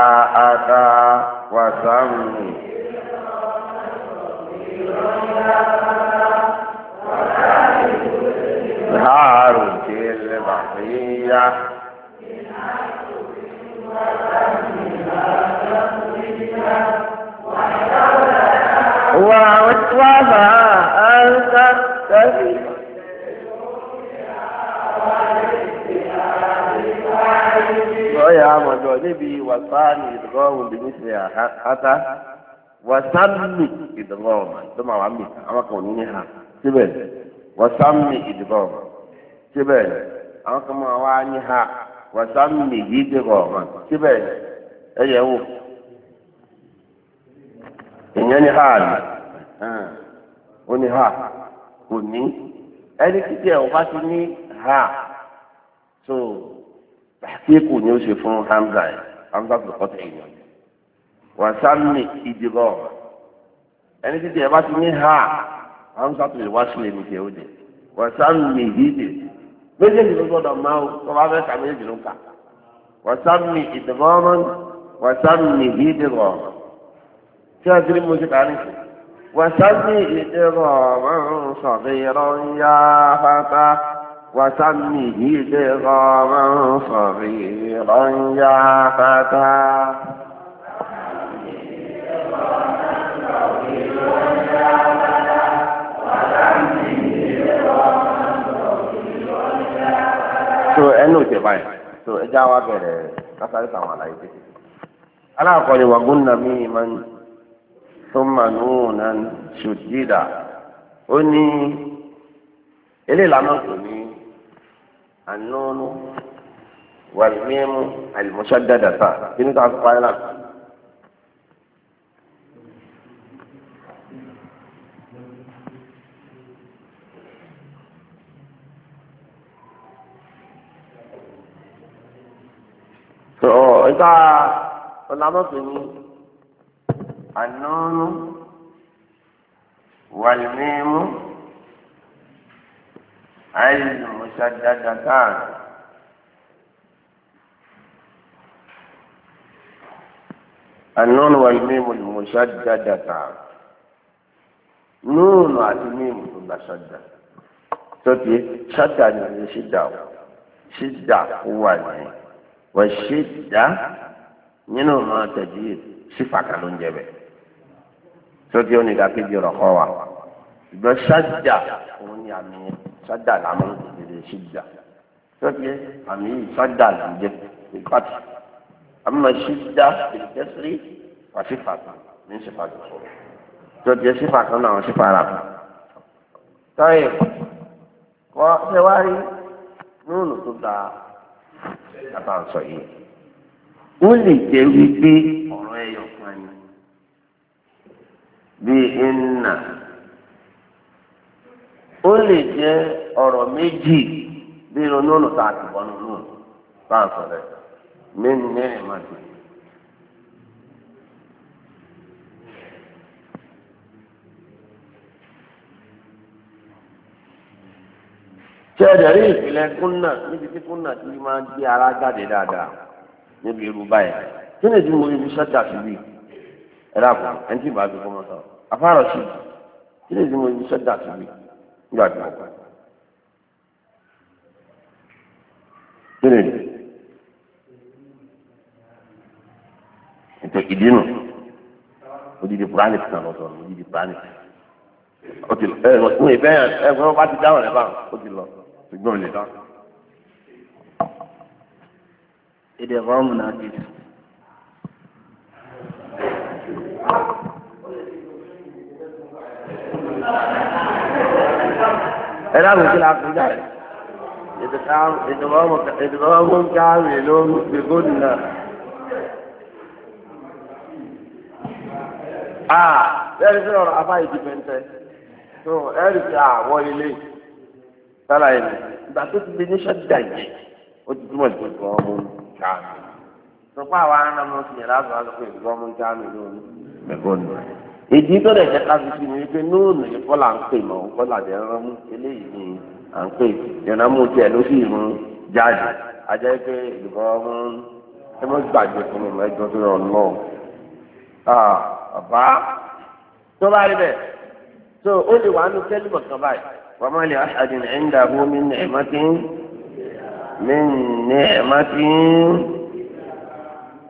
Speaker 2: أتى وسمي هارج البحرية
Speaker 3: وما أنت تبي
Speaker 1: lọ́yà àmọ̀jọ
Speaker 2: níbi wàsáàlì ìdọ́gọ́rùn-ún bí nísìnyí àhátá wàsáàlì ìdọ́gọ́rùn-ún tó máa wà mí àwọn kan ò ní ní ha síbẹ̀ wàsáàlì um, ha ìyẹn ní ha ni ah. ó ní ha kò ní ẹni títí ẹ̀ ọba ti ní ha so tàkíkù ni ó ṣe fún hamza yẹn hamza tó kọ́ tẹ̀yìn yẹn wà sámi ìdìbò ẹni títí ẹ̀ ọba ti ní ha hamza tó lè wá sílẹ̀ ní ìṣẹ́ òde wà sámi ìdìbò méjèèjì ló gbọdọ̀ máa o tó bá fẹ́ ka méjèèjì ló kà wà sámi ìdìbò wà sámi ìdìbò tí a ti rí mo ti kà ní. wàsámì ìdẹ́rọ̀ sọ̀rọ̀ ya fata wàsámì ìdẹ́rọ̀ máa sọ̀rọ̀ ya fata. so ẹnu ò tẹ báyìí so ẹ já wa bẹ̀rẹ̀ kásáré sàwọn àlàyé tètè. ni wàgùn nàmí máa ń. ثم نونا شديدا ó ní eléyìí làwọn kò ní anúnú wàlmímú àlùmọ́ṣágádàtà kí ní ká fún ayélujára. ọ̀ ẹ̀ka ọ̀làmọ́sọ̀ ni. النون والميم المسددتان النون والميم المسددتان نون والميم المسددة تبي شدة يعني شدة شدة هو والشدة منه ما تجيب صفة كالونجبه tó di onídàkejì rọ̀ kọ́ wa ṣùgbọ́n ṣájà òun ni àmì ṣájà làmú ìdílé ṣíjà tó di àmì ṣájà làmú jẹ ìkọ́tì àmọ́ ṣíjà ìdẹ́sírí wà sí fàtà ní ṣèpàdé sọ̀rọ̀ tó di ṣífà kan náà ṣífà rà táyé kọ́ ṣe wá tó dáa kàtà sọ yìí ó lè jẹ́ wípé ọ̀rọ̀ ẹ̀yọ̀ kan ni. bíi ìnà ó lè jẹ́ ọ̀rọ̀ méjì bí irun nínú ta àti bọ́nú nù bá ń sọ̀rọ̀ ẹ̀ mí ní máa dùn. ìpìlẹ̀ kúnnà níbi tí kúnnà ti máa ń gbé ara jáde dáadáa níbi irú báyìí kí ni ìdí mo ẹ̀rọ àpò ẹni tí ìbá fi fọmọ sọ afárọ̀ sí kí lè ti mo ibi sọ́jà sí mi nígbà tí mo gbà. kí lè dì ètò ìdí nù odidi puranik kan lọ́dọ̀ ní odidi puranik ó ti lọ ẹ lọ fún ìfẹ́ yẹn ẹ fún ọba ti dáhùn rẹ báwọn ó ti lọ ṣùgbọ́n ò lè dáhùn. èdè ẹ̀fọ́ ọ̀hún náà ẹ̀rọ àwọn òkè láti dá rẹ̀ ìdìbò ọmọ káàmì ló ń gbé góòlù náà. àà bẹ́ẹ̀ ni ọ̀rọ̀ afá ìdìbò ń tẹ́ tó ẹ̀rì sí àwọn ilé sára ẹ̀ ìgbà tó ti di ní ṣọ́dà yìí ó ti túmọ̀ ìdìbò ọmọ káàmì. sọ pé àwa aráàlú ti yẹra àbúrò àlọ́ pé ìdìbò ọmọ káàmì ló ń gbé góòlù èdè tó dẹ̀ jẹ́ ká fi sí mi pé nóònù yìí kọ́ là ń pè mọ́ kọ́ là dẹ̀ rán mú eléyìí ni à ń pè yànnà mú tiẹ̀ ló sì mú jáde ajá yìí pé ìdìbò mú ẹ mọ́ gbàgbé fún mi mẹ́jọ tó yọ lọ. bàbá tó bá rí bẹ́ẹ̀ tó ó lè wàá nu kẹ́lìmọ̀ kan báyìí wàá má lè aṣáájú ní ẹ̀ńdà fún mi ní ẹ̀má tí ń mi ní ẹ̀má tí ń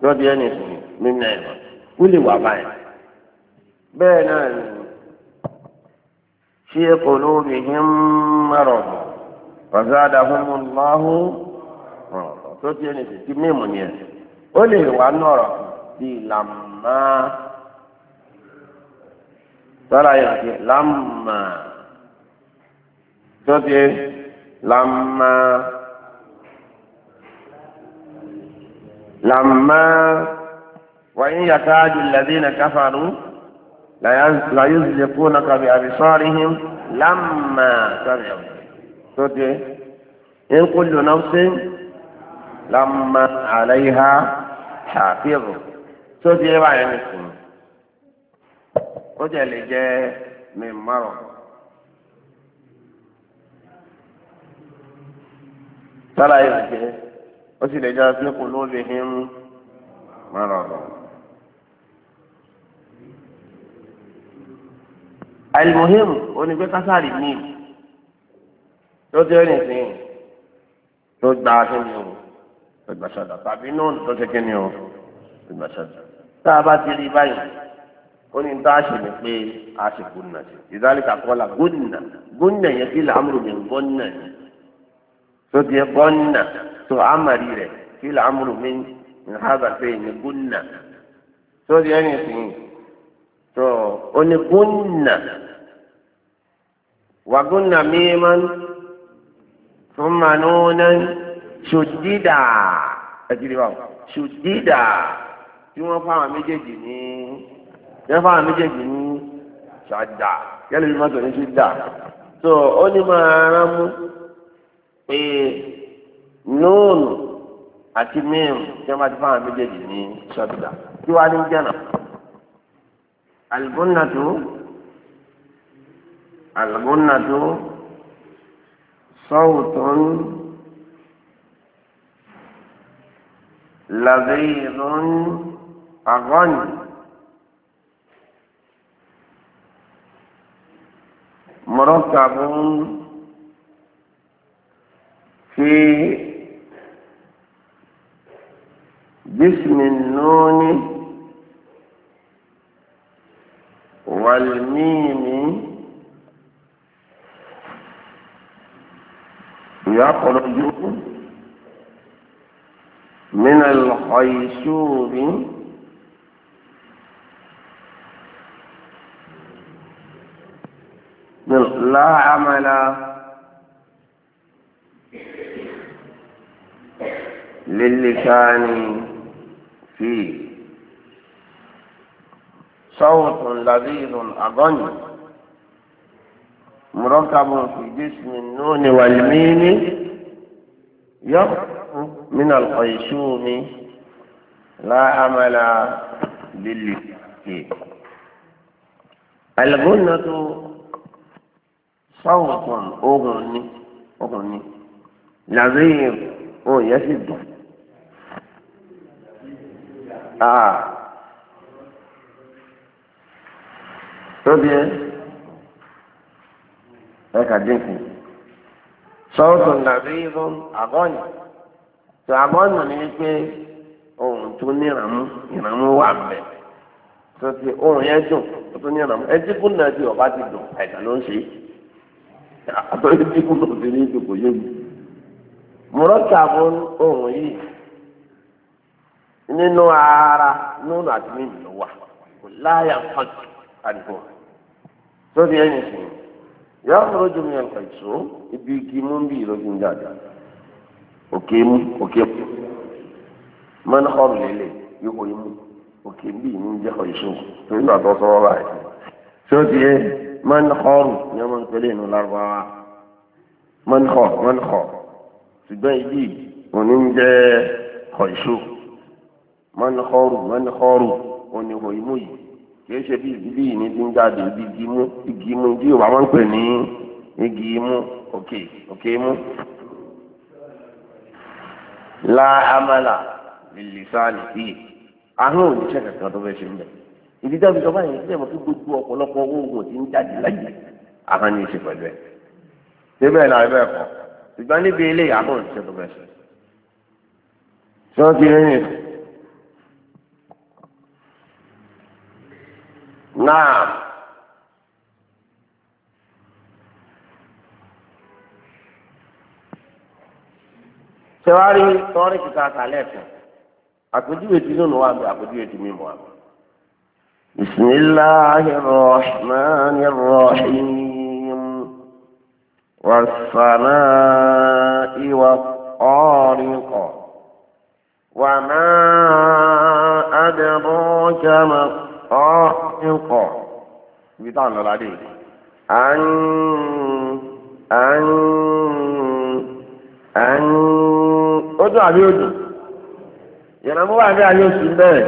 Speaker 2: lọ́dí ẹ̀nì sùn mi ní ẹ̀má ó lè wà báyìí bẹ́ẹ̀ náà ni fi qulubihim marad fazadahumullahu tó ti ẹni sì ti mímu yẹn ó lè wà nọ̀rọ̀ bí làmà sọ́ra yẹn ti làmà tó ti làmà làmà wàyí yàtá jùlọ dín ní káfàánú. la yuzliqunaka bi absarihim lamma sami'u tó dé in kullu nafsin lamma 'alayha hafizu tó dé báyẹn nìkan ó jẹ lè jẹ mímọrọ. sára yìí lè jẹ ó sì alimohim onígbé kásáàrì ní lọ́jọ́ ẹni sìn tó gba kíni o tó gba sọ́dọ̀ tàbí náà tó ṣe kíni o tó gba sọ́dọ̀ tá a bá ti rí báyìí ó ní tá a ṣe ni pé a ṣe gómìnà sí ìdálẹ́ka kọ́lá gómìnà gómìnà yẹn kí làámùrù mi gómìnà ni tó ti yẹ gómìnà tó àmàrí rẹ̀ kí làámùrù mi ní hábà pé ní gómìnà tó ti yẹ ní tó onígúnnà wàgúnnà mímán fúnmanúnà ṣòdídà ẹ̀jìrìbà ṣòdídà tí wọ́n fáwọn méjèèjì ní wọ́n fáwọn méjèèjì ní ṣàdà kẹ́lẹ́ bí mọ́tò ní ṣòdà tó ó ní máa rán mú pé nóònù àti mímu tí wọ́n bá ti fáwọn méjèèjì ní ṣọ́dà kí wàá ní الجنة الجنة صوت لذيذ أغني مركب في جسم النون والميم يخرج من الخيشوم لا عمل للسان فيه صوت لذيذ أغني مركب في جسم النون والميم يخرج من القيشوم لا أمل للفك الغنة صوت أغني أغني لذيذ أو يسد آه tóbi ẹ ẹ kà dínkù sọ́ọ̀tù nàbí ìbọn àgọ́nì tó àgọ́nì ni wípé ohun tó ní ìrànmú ìrànmú wà mẹ́ tó ti ohun yẹn dùn tó tó ní ìrànmú ẹtí kún náà ti ọba ti dùn àìsàn ló ń ṣe àtọ́jú tí kún náà ti ní ìdòkò yé mi mọ̀rọ́kì àbọ̀n ohun yìí nínú ara nínú àti nínú wà kò láyà fọ́ọ̀tì àdìgbò lórí ẹ̀yìn sí yà á lọ́jọ́ mi ẹ̀ka ìṣó ibi igi mú bí ìlọ́jú ń dáadáa òkè mú òkè mú mọ́nà ọ̀rùn lélẹ̀ yóò wọ imú òkè bí ìmú jẹ́ ọ̀ ìṣó torí náà tó sọ́wọ́ báyìí sóòtì ẹ̀ mọ́nà ọ̀rùn ni wọ́n ń pẹ́lẹ́ inú lárúbáwá mọ́nà ọ̀rùn mọ́nà ọ̀rùn ṣùgbọ́n ibi òní ń jẹ́ ọ̀ ìṣó mọ́nà ọ̀rùn mọ́nà ọ̀rùn òní wọ imú yìí kì í ṣe bí ìdílé yìí ní ti ń jáde ibi igi mú igi mú bí Yorùbá máa ń pè ní igi mú òkè òkè mú. la amala lilisani fi ahọ́n oníṣẹ́ kankan tó fẹ́ ṣe ń bẹ̀. ìdí dábì sọ báyìí ṣe mọ̀ kí gbogbo ọ̀pọ̀lọpọ̀ owó oògùn ti ń jáde láyé ahọ́n ní í ṣe pẹ̀lú ẹ̀. síbẹ̀ náà ẹ bẹ́ẹ̀ kọ́ ṣùgbọ́n níbi eléyìí ahọ́n oníṣẹ́ tó fẹ́ ṣe. sọ́ọ́ ti rí nìyẹn. نعم sẹwárí tọ́rí kíkà kálẹ̀ kan àpèjúwe tí lónìí wà bẹ àpèjúwe tí mímu wà bẹ. bisimilahi rahmani rahim wasana iwa ń kọ̀ ibi táwọn lọ́la dé yìí. àyìn àyìn àyìn ó dùn àbí òdùn yẹ̀nà mú wà ní ayé oṣù bẹ́ẹ̀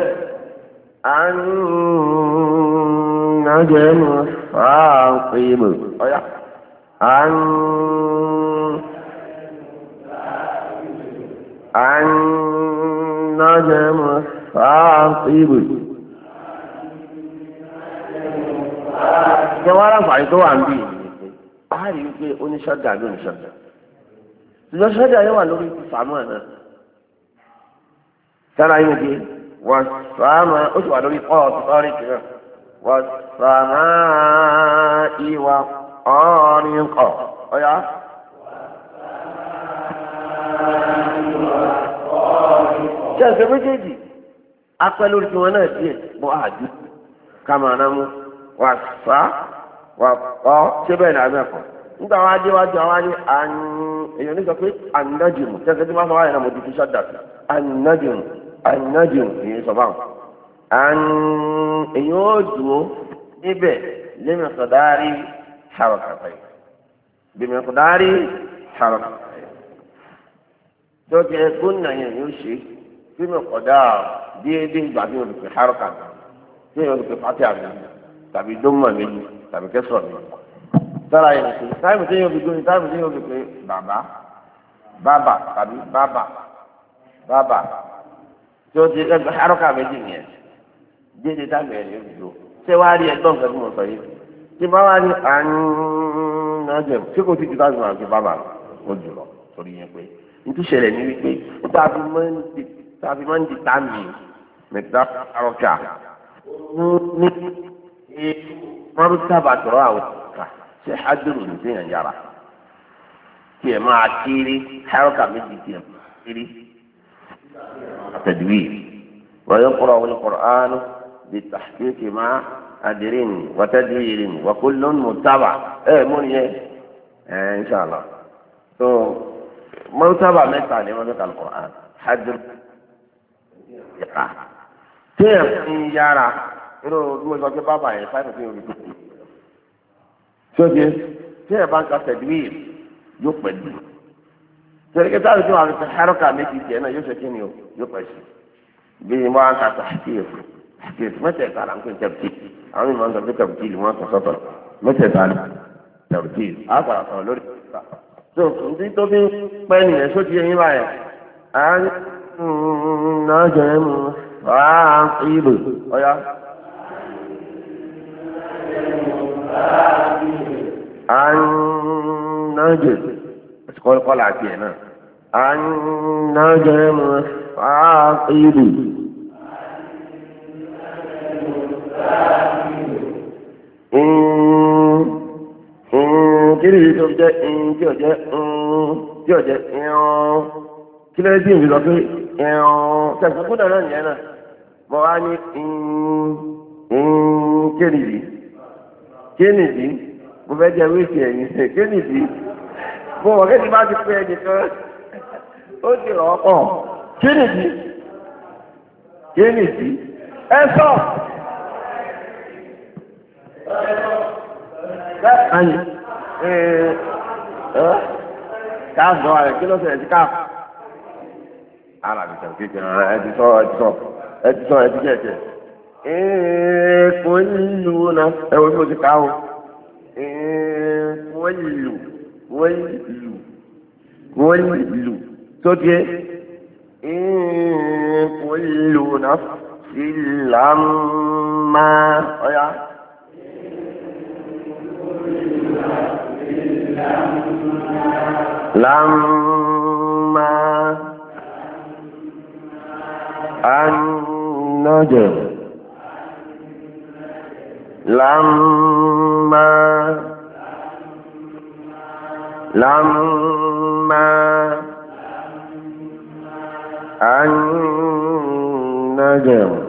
Speaker 2: àyìn nàjẹ́ ẹnu fàáfìmù ọ̀yà àyìn. عن نجم الصاطب àjẹwọ́ aláǹfààní tó wà ń bì yìí pé a rí i pé ó ní oníṣọ́dà ló ní ṣọ́dà ṣùgbọ́n ṣọ́dà yóò wà lórí ìfàmọ́ náà sára yóò gbé wọ́n sàmà ó sì wà lórí kọ́ọ̀tù pọ́ọ̀tù sọ́ọ́rì kìíràn wọ́n sàmà ìwà ọ̀ọ́rin kọ̀ ọ̀yá. ṣé ẹ̀sẹ̀ méjèèjì apẹ́ lórí tiwọn náà díẹ̀ bọ́ àdúgbò kàmáà mú wà sá. wà ọ ṣé bẹ́ẹ̀ ni àbẹ́ ẹ̀kọ́ nígbà wọn adé wájú àwọn adé àní èèyàn ní sọ pé ànájìmù tẹ́tẹ́ tí wọ́n sọ wáyé náà mo ti fi ṣọ́dà sí ànájìmù ànájìmù èèyàn sọ báwọn. àní èèyàn ó dúró níbẹ̀ lẹ́mìí sọ̀dáárì ṣàròkàtàyè bẹ̀mẹ̀ sọ̀dáárì yẹn yóò ṣe bẹ̀mẹ̀ kọ̀dá déédéé ìgbà tí wọ́n ti fi ṣàròkàtà tí àgbà tàbí dómọ̀ méjì tàbí kẹsàn ni sára yẹn pé táìmù tí yóò fi dún ni táìmù tí yóò fi pé bàbá bàbà tàbí bàbà bàbà tí ó ti ẹgbẹ arọkà méjì nìyẹn déédéé táìmù yẹn yóò fi dún ṣé wàá rí ẹgbẹ́ nǹkan tí mo sọ yìí tí bá wàá rí àyànjẹ tí kò sí ju táìmù àti bàbà ó jù lọ torí yẹn pé nítúṣẹlẹ̀ ní wípé tàbí máa ń di tàbí máa ń di tàmì mẹ́ta arọkà ní ní.
Speaker 1: ما بتتابع تراوح
Speaker 2: تحدد وزين جرا كي ما عتيري حركة من دي تدوير ويقرأ القرآن بالتحقيق مع أدرين وتدوير وكل متابع إيه من إيه؟, إيه إن شاء الله تو ما متابع ما تعني ما القرآن حدد تيم إن جرا inú bí wọ́n sọ pé bábà yẹn five hundred and fifty sọ́jì tí ẹ̀ bá ń ka tẹ̀dúwìl yóò pẹ̀ jù tẹ̀lẹ́kẹ́ táwọn tí wọ́n fi hẹ́rọ́kà méjì tiẹ̀ náà yóò ṣe kí ni o yóò pẹ̀ jù bí wọ́n á ka tàkìr tàkìr mẹ́tẹ̀ẹ̀ta là ń pè tẹ̀bùtì àwọn ìmọ̀ nǹkan pé tẹ̀bùtì ni wọ́n sọ sọ́tọ̀ mẹ́tẹ̀ẹ̀ta ni tẹ̀bùtì á padà sọ̀rọ̀ lórí ìta tó ní tó fi pẹ́ nìyẹn sóti ẹyin báyẹn à ń náà jẹ́ mu wàá ń kí ibò ọ̀yá. anájẹ kọ́lá àti ẹ̀ náà anájẹ mọ fàákìlì. kiri tó jẹ́ tí ò jẹ́ tí ò jẹ́ kí lẹ́yìn tí ìrìn lọ pé tẹ̀sán kúndà náà nìyẹn náà mo wá ní kiri yìí. kéènìdì mo fẹ́ jẹ wéèkì ẹ̀yìn kéènìdì mo wọ̀ kéènìdì bá ti pé ẹnìkan ó ti rọ̀ ọ́ ẹ sọ. kí ló Ara mi sọ kòlù náà ẹ̀wọ̀n tí mo ti kà á o kòlù kòlù kòlù tó tiẹ̀ kòlù náà ìlànà ọ̀yà. لما
Speaker 3: لما لما
Speaker 2: النجم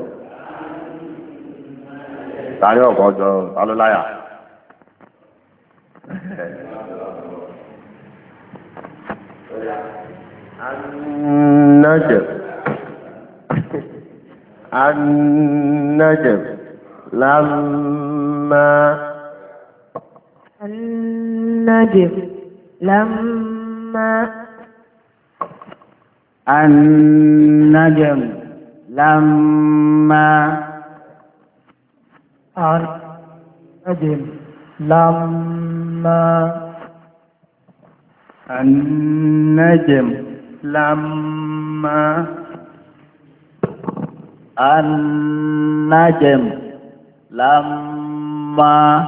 Speaker 2: تعالى اقعد تعالى لا يا النجم النجم لما
Speaker 3: النجم لما النجم لما النجم لما النجم لما النجم لما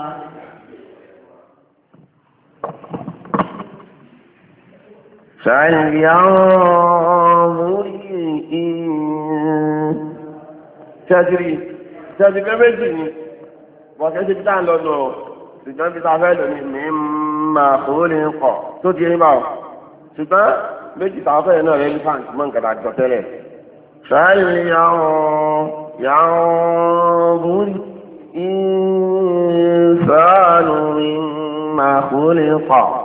Speaker 2: فلينظر الإنسان تدريب تدريب méjì wọ́n kẹ́ ṣe bí táà ń lọ lọ ṣùgbọ́n bí táà fẹ́ lọ ní mi máa kúrò tó di ẹ̀yìn ṣùgbọ́n méjì táà fẹ́ náà rẹ̀ elephant mọ́ nǹkan jọ tẹ́lẹ̀. fẹ́ẹ́
Speaker 3: yàn الإنسان مما خلق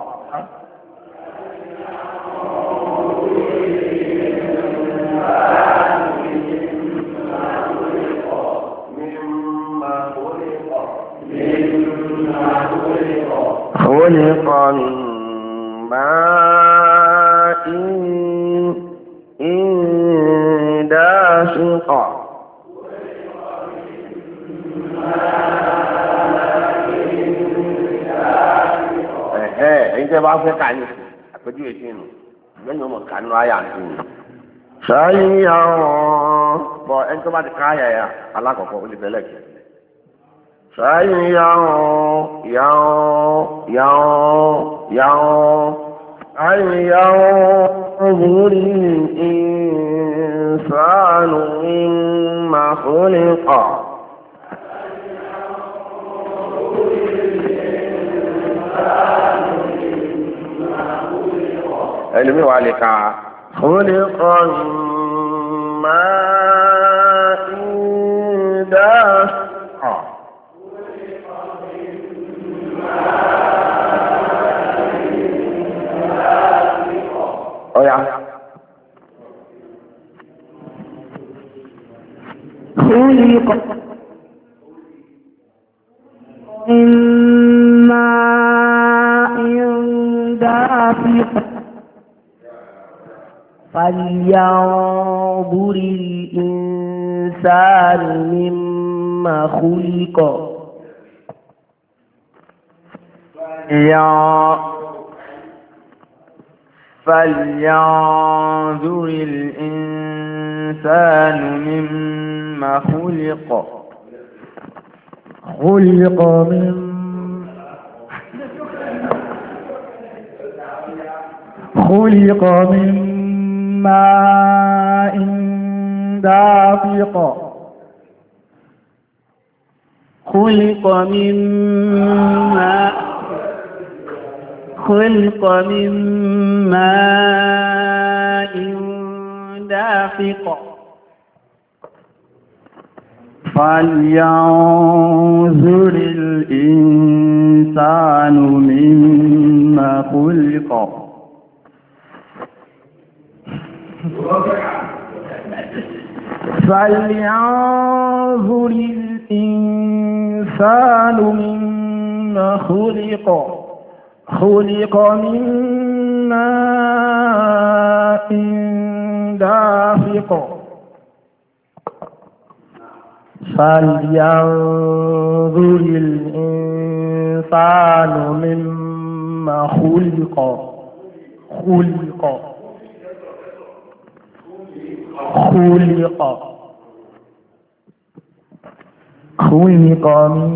Speaker 3: خلق من ماء إن إن
Speaker 2: ẹ̀yin tẹ́ bá fẹ́ kà ní àpèjúwe sí inú lẹ́yìn ọmọ kà nínú àyà nínú. sáyìn àwọn. bọ ẹni tó bá ti ká àyà yà alákọ̀ọ́kọ́ ó lè bẹ́ẹ̀ lẹ́kẹ̀ẹ́. sáyìn yàwọn yàwọn yàwọn yàwọn àyìn yàwọn òhùrí ìsàlù
Speaker 3: ìmàkúlẹ̀ kọ̀.
Speaker 2: العلم والقاء خلق
Speaker 3: ماء دافئ
Speaker 2: آه. خلق خلق
Speaker 3: من ماء دافئ فلينظر الإنسان مما خلق فلينظر الإنسان مما خلق خلق من خلق من ماء دافق خلق من ماء خلق من ماء دافق فلينظر الإنسان مما خلق فلينظر الإنسان مما خلق خلق من ماء دافق فلينظر الإنسان مما خلق
Speaker 1: خلق
Speaker 3: خلق خلق من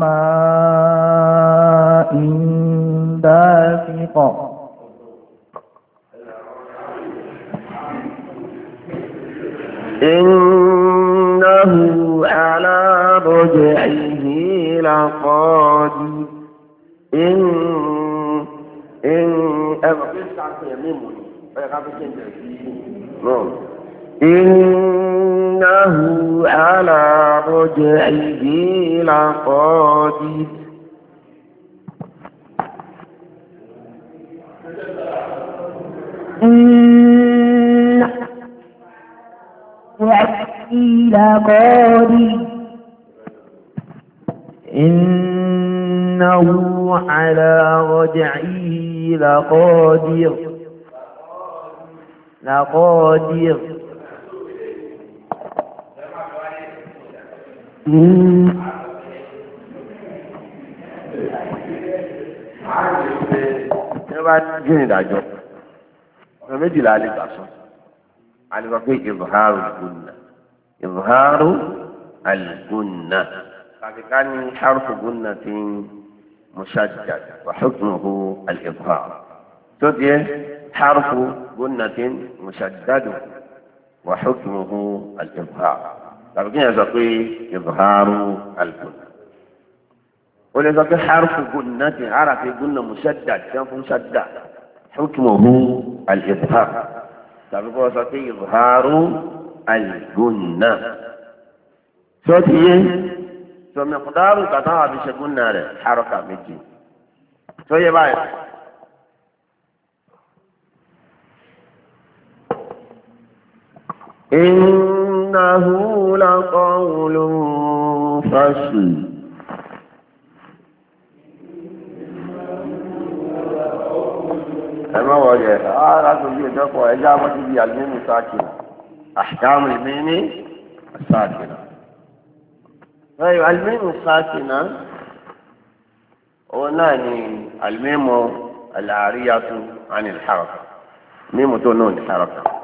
Speaker 3: ماء دافق إنه على رجعه
Speaker 2: لقادر إن إن أبقى إنه على رجعه لقادر
Speaker 3: إنه على رجعه لقادر لقادر
Speaker 1: ẹ
Speaker 2: bá ní kí ni ìdájọ́ ọ̀nà méjìlá alẹ́ gbà sọ alẹ́ gbà pé ìzùhárù gùnà ìzùhárù alìgùnà tàbí ká ní hárùfù gùnà ti ń mùsàjà wàhùkùnhù alìzùhárù tó tiẹ̀ hárùfù gùnà ti ń mùsàjà wàhùkùnhù alìzùhárù. tàbí kí yẹn sọ pé ìbáru alùpùpù ó lè sọ pé harfu gunna ti arafi gunna musadda tí wọn fún sadda hukmuhu al-ibhar tàbí kí wọn sọ pé ìbáru alùgunna sọ ti yé sọ mẹkùdárù kàtàwà fi ṣe gunna rẹ haraka méjì sọ yẹ báyìí.
Speaker 3: إنه لقول فصل
Speaker 2: أما وجه آرات الجيء تقوى إجابة علم ساكنة أحكام المين الساكنة أي علم الساكنة هنا الميمو العارية عن الحركة ميمو تونون الحركة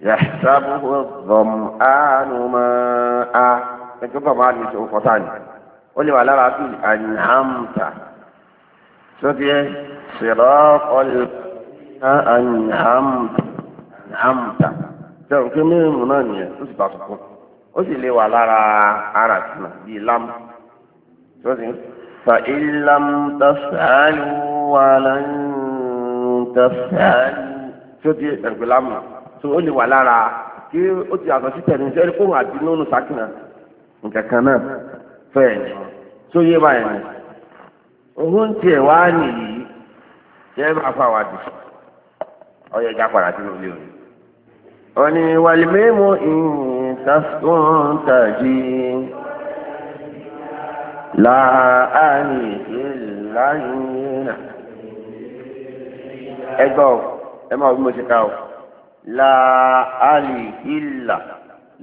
Speaker 2: يحسبه الظمآن ماء لكن ما نسي قطعني قولي وعلى ربي أنعمت سوتي صراط ال أنعمت أنعمت ترى كمية منانية تسبع سكون قولي لي وعلى عرفنا دي لم سوتي فإن لم تفعلوا ولن تفعلوا سوتي ترى لم tó ó lè wà lára kí ó ti àtọ̀ sí tẹ̀lé níṣẹ́ kóhùn àti lónù sákìnà nǹkan kan náà fẹ́ẹ̀ tó yé báyìí ni òun tiẹ̀ wá nìyí jẹ́ bá fà wá dùn ọyọ ìjà padà sínú ilé òní. òní wàlímẹ́mù ìsàkùn tàjí láàárín ìlànà ẹgbẹ́ ọ ẹ máa wí mo ṣe ká o láàálì ìlà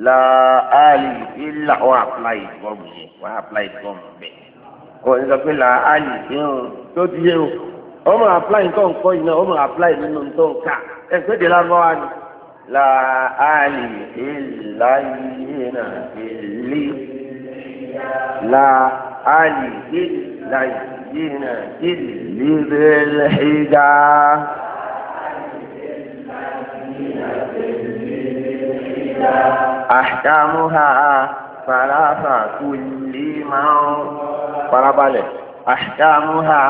Speaker 2: láàálì ìlà wọ́n apply gọ́ọ̀mù yẹn wọ́n apply gọ́ọ̀mù bẹ́ẹ̀ wọ́n sọ pé láàálì yẹn o tó ti yẹ o wọ́n mọ̀ apply nǹkan kọ́ yìí náà wọ́n mọ̀ apply nínú nǹkan ká ẹ̀ pé de lábọ́ wa ni láàálì ìlà yìí náà ìlì láàálì ìlà yìí náà ìlì bẹ́ẹ̀ lẹ́yìn dáa. ahkamuha salasa kulli máa ń farabalẹ̀ ahkamuha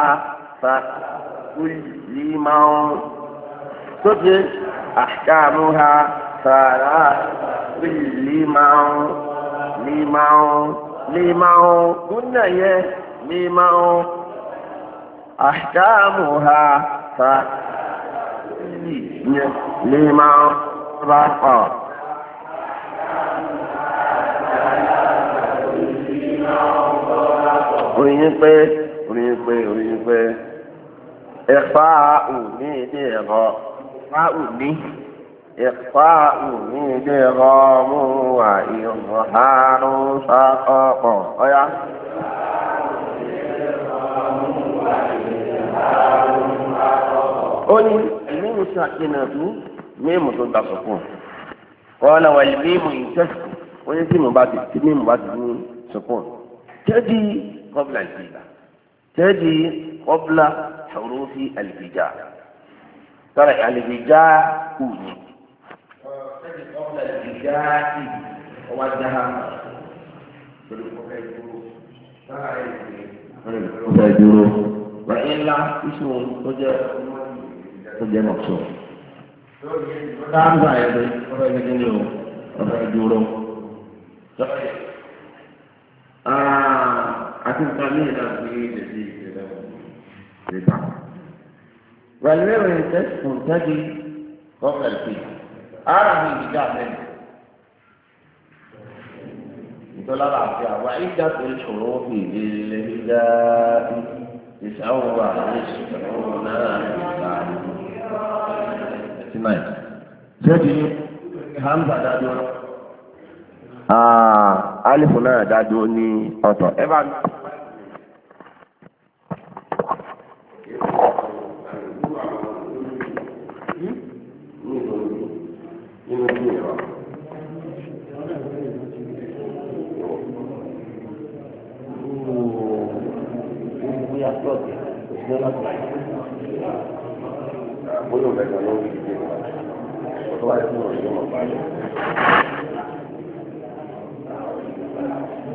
Speaker 2: kulli máa ń sókè ahkamuha salasa kulli máa ń límáa ń límáa ń kúnnà yẹ mímá ń ahkamuha kulli máa ń oyin pé oyin pé oyin pé ẹ̀fà òní ìdí ẹ̀rọ ẹ̀fà òní ẹ̀fà òní ìdí ẹ̀rọ mú wà ìrùn àrùn sàkọ̀kọ̀ ọ̀yá. ó ní ìlú musa ìnàdú mímu tó gbà sọ̀kùn wọ́n náà wà ní mímu ìjẹ́sùn wọ́n ní tí mo bá ti mímu bá ti ní sọ̀kùn. kẹ́dí قبل الهيبة تجي قبل حروف الهجاء ترى الهجاء أوني تجي قبل الهجاء ووجهها تجرو وإلا اسم تجر تجر مقصود تعمل عليه تجرو تجرو تجرو آه والله ان تس منتجي قبل الفيل أعرف ان بجاه منه يقول الله عبد ان وعيدة الحروف للهداء يسعوها يسعونا ان
Speaker 1: تجي همزة دادورة
Speaker 2: Ah, alifu náà dájú ní ọ̀tọ̀ ẹ bá Bueno,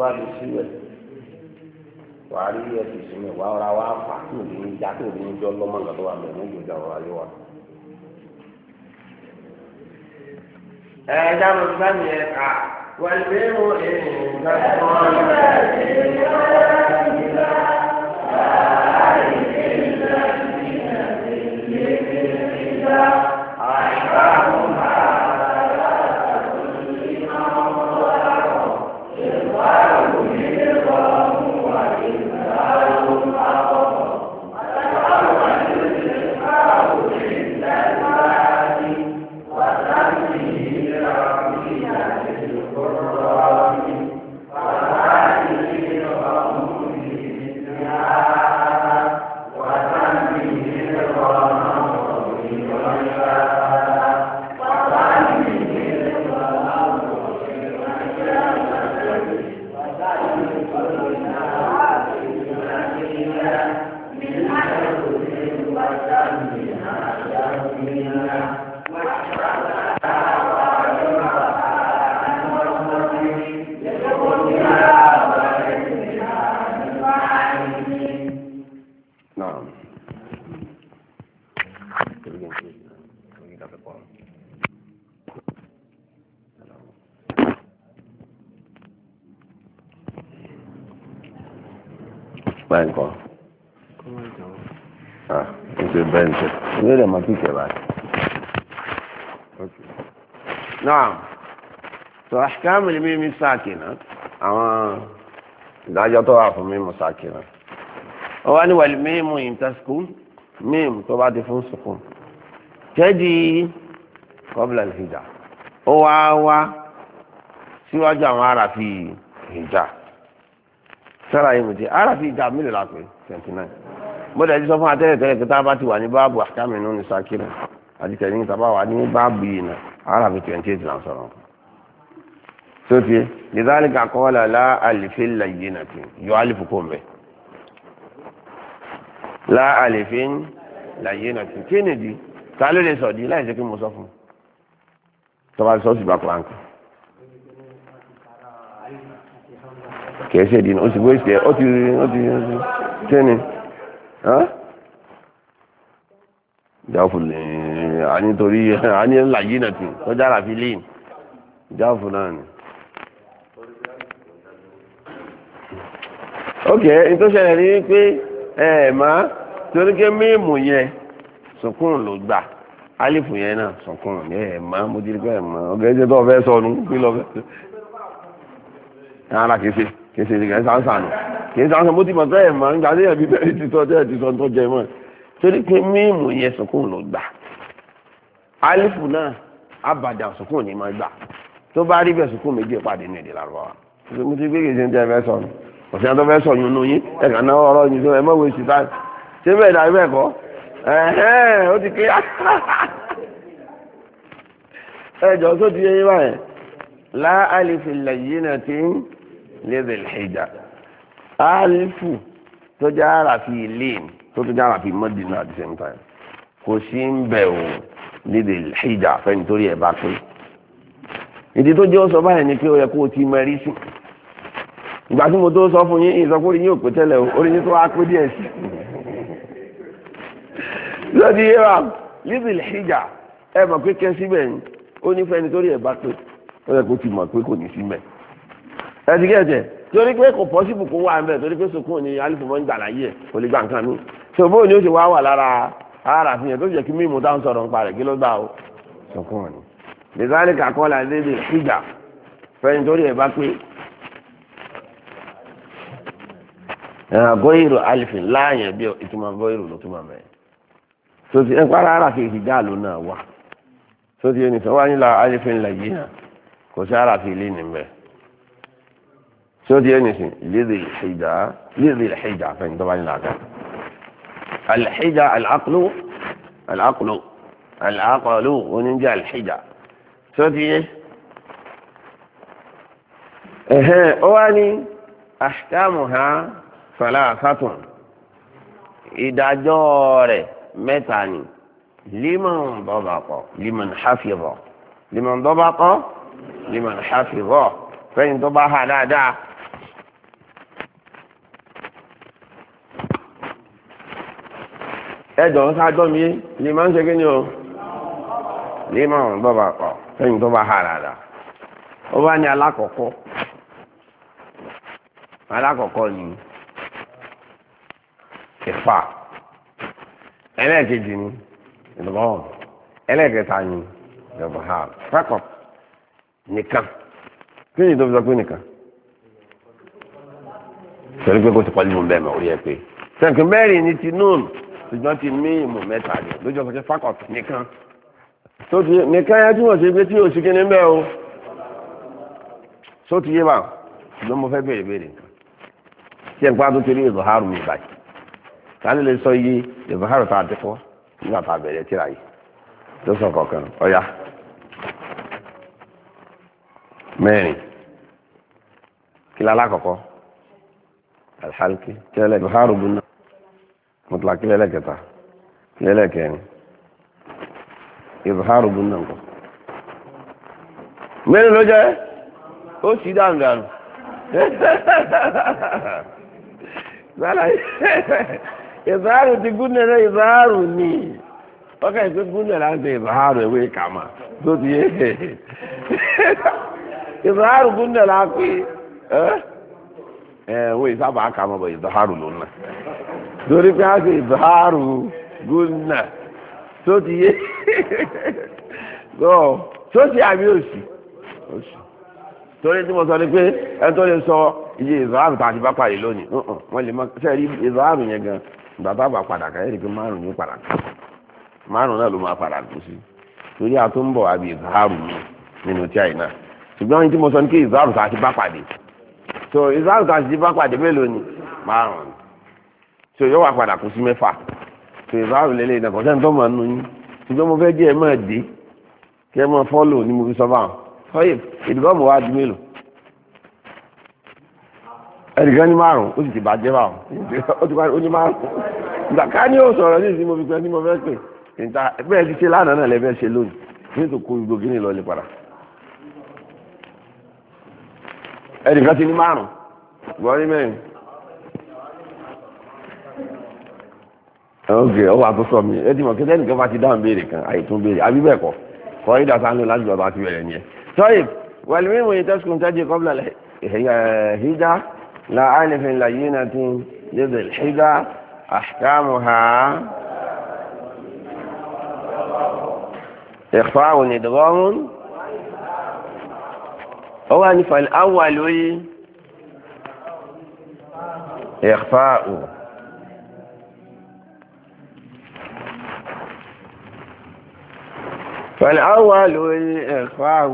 Speaker 2: wá lè siwe wẹ̀ wà rí ẹ̀sìn sí mi wà ra wà á fà tó ní í ní jọ lọ́mọ nǹkan tó wà mẹ́rin ní ọ̀rọ̀ ayé wa. ẹ dáná sáni ẹ kà wọ́n ti mú èèyàn yóò dẹ̀ mọ́ tí ìtẹ̀ báyìí. náà tó àṣìkáàmù ni mímí sàkínà àwọn ìdájọ́ tó wà fún mímú sàkínà. ó wá ní wàlí mímú ìtàsíkú mímú tó bá ti fún sùkún. tẹ́jì kọ́bìlà ìhìjà ó wá wá síwájú àwọn aráàfin ìjà sára yìí mo ti aráàfin ìjà mélòó la twenty nine bọ́dà ẹjí sọ fún atẹ́lẹ̀ tẹ́lẹ̀ pé tá a bá ti wà ní báàbù àkàmì nínú ìsàkírù àti tẹ̀lé níta bá wà ní báàbù yìí nà arábì twenty eight là ń sọ̀rọ̀ tó ti lìdáàlì kàkọ́ọ́lá lá àlìfẹ́ làyè nàkì yọ àlìfù kò mbẹ lá àlìfẹ́ làyè nàkì kí ni di ta lè sọ di láì jẹ́ kí mo sọ fún un tọ́ba sọ́ọ̀sì bá kọ́ àǹkà kẹ̀ẹ́sì ẹ̀dínà ó ti gbé ìsì ẹ̀ ó ti ó ti ó ti kí ni jáfù ní àní torí àní ńlá yìí nà tí ó jára fi lẹ́yìn jáfù náà ni. ok nítorí ṣẹlẹ̀ ní pé ẹ máa torí pé mímu yẹn sọkún ló gbà alifu yẹn náà sọkún ní ẹ máa mo dirí pé ẹ máa ọgá ẹjẹ tó fẹ́ sọnù kí lọ fẹ́. ara kìí ṣe kìí ṣe kìí ṣe kì í sọ mọ́tì màtọ́ ẹ̀ máa ń gbà déyà bíi bẹ́ẹ̀ ti sọ déyà ti sọ tó jẹ mọ́ torí pé mímu yẹn sọkún ló gbà alifu náà abàdà sọkún ní máa gbà tó bá rí bẹ́ẹ̀ sọkún méjì pàdé ní èdè lárúbáwá mo ti gbé kejì ń tẹ́ fẹ́ sọnù ọ̀sẹ̀ tó fẹ́ sọ̀yún nù yín ẹ̀ka náà ọ̀rọ̀ yín tó ẹ̀ mọ̀ wé síta ṣé bẹ́ẹ̀ dàbí bẹ́ẹ̀ kọ́ ẹ̀hẹ́n ó ti ké ẹ̀jọ̀ báyẹn lá alifu lẹ́yìn náà ti ń lé alifu tó jẹ́ àràfi ilé tó tó jẹ́ àràfi mọ́dínà at the same time kò sí ń bẹ̀ o níbi ìjà fẹ́ni torí ẹ̀ bá pé ìdí tó jẹ́ ó sọ báyìí ni pé ó yẹ kó o ti mọ ẹrí sí ìgbà tí mo tó sọ fún yín yín ò o yín tó wá pé díẹ̀ sí ẹ mọ̀ pé kẹ́ síbẹ̀ ni ó ní fẹ́ni torí o ti mọ̀ pé kò ní torí pé kò pọ́sibù kó wà ń bẹ̀ torí pé sukùn ni alifu mọ́ ń gbà láyé ẹ̀ kò lè gbà nǹkan mi ṣòbó ni ó ti wá wà lára ara àfihàn tó jẹ́ kí mímu táwọn sọ̀rọ̀ ń parẹ̀ kí ló gbà ó sukùn ni. lèzálì kàkọ́lá lédè síjà fẹ́ni torí ẹ̀ bá pé gọ́yìrò alifin láàyàn bí ìtumọ̀ gọ́yìrò ló túmọ̀ mẹ́rin. sotí ẹ̀ pàrọ̀ ara fi ìjà ló náà wà sotí ẹnìkan wá nílà alifin làyè kò sí ara fi ilé nìmẹ́rin. tí ó di ẹnìsìn lédè ìṣèjà lédè ìṣèjà fẹ́ni tó bá ní làákà alìṣèjà alàkùlù alàkùlù alàkùlù oníjẹ alìṣèjà tí ó di yẹ. ẹ̀hẹ́n ó wá ní àṣìkáàmù ha fẹ̀lá sátùn ìdájọ́ rẹ̀ mẹ́ta ni liman dọ́bàkọ̀ liman hafizọ̀ liman dọ́bàkọ̀ liman hafizọ̀ fẹ́ni tó bá hà dáadáa. ẹ̀dọ̀ ń sájọ́ mi lè máa ń ṣe kíni o lè máa ń bọ́ pọ̀ sẹ́yìn tó bá hà rárá ó bá ní alákọ̀ọ́kọ́ alákọ̀ọ́kọ́ ni ìfà ẹlẹ́ẹ̀kejì ni ẹlẹ́ẹ̀kẹta ni ha fẹ́kọ̀ nìkan kí ni ìdọ̀bọ̀n sọ pé nìkan pé kó ti pọ̀ nínú bẹ́ẹ̀ mọ̀ orí ẹ pé ni ti ṣùgbọ́n ti mí ìmù mẹ́ta ni lójú ọ̀sán kí fakọ̀t nìkan tó ti nìkan yẹn túmọ̀ sí pé tí o sì kí ni bẹ́ẹ̀ o só ti yé bá ṣùgbọ́n mo fẹ́ bèrè bèrè nǹkan tí ẹ̀ ń pa tó ti rí ìzọ̀hárù mi báyìí tani lè sọ iye ìzọ̀hárù tá a ti kọ́ nígbà tá a bẹ̀rẹ̀ tíra yìí tó sọ kọ̀ọ̀kan ọ̀yà mẹ́rin kí lálá kọ̀kọ́ alhalki kí lálẹ́ haru gbóná. mutlaq lẹ́lẹ́kẹta lẹ́lẹ́kẹrin ìbáhárù gúnnà nǹkan mẹ́rin ló jẹ́ ó sì dáǹdàánù ìbáhárù ti gúnnà rẹ̀ ìbáhárù ni ọkà ìpé gúnnà láti ìbáhárù ewé kàmà tó la yé ìbáhárù gúnnà we ẹ̀wọ̀n ìsábà kàmà bọ̀ ìbáhárù lónà torí pé a ti báàrù gómìnà tó ti yé gọ́ọ̀ tó ti àmì òsì òsì torí tí mo sọ ni pé ẹni tó lè sọ iye ìzọ́àrù tàbí bá parí lónìí wọ́n lè máa sẹ́ẹ̀rí ìzọ́àrù yẹn gan bàbá ka padà kàyé rí pé márùn ní padà kù márùn náà ló máa padà kù sí torí a ń bọ̀ àbí ìzọ́àrù mi nínú tí àyìn náà ṣùgbọ́n ohun tí mo sọ ni pé tàbí bá so tàbí bá mélòó ni márùn ni. tí o yọ wà padà kú sí mẹ́fà tí o bá rò lélẹ̀ ìdàkọ̀ sẹ́ni tó máa nù yín ṣùgbọ́n mo fẹ́ jẹ́ ẹ máa dé kí ẹ máa fọ́lò ní mo fi sọ báwọn sọyè ìdíkọ́ mo wá di mélòó ẹnìkan ní márùn ó sì ti bàjẹ́ báwọn ó ti parí ó ní márùn ìgbà ká ní ó sọ̀rọ̀ ní ìsinmi fífẹ́ ní mo fẹ́ pè níta bẹ́ẹ̀ ti ṣe lánàá náà lẹ́fẹ́ ṣe lónìí nítorí kó gbogbo kí ni lọ́ọ́ lè ti ní márùn ìwọ ní mẹ́rin ok ó wà tó sọ mí ẹ ti mọ̀ kíkẹ́ nìkan bá ti dáhùn béèrè kan àìtún béèrè àbí bẹ́ẹ̀ kọ́ kọ́ ìdá sáà ń lò láti ìjọba àti bẹ̀rẹ̀ nìyẹn. sọ́yì wẹ̀lú mímu yìí tẹ́sùkùn tẹ́jì kọ́bílà hijá la alifin la yìí náà ti yézè hijá àṣìkáàmù ha. ìfáwù ni dọ́gọ́rùn-ún. ó wà ní fàlẹ́ awà lóyè. ìfáwù. فالأول الإخفاء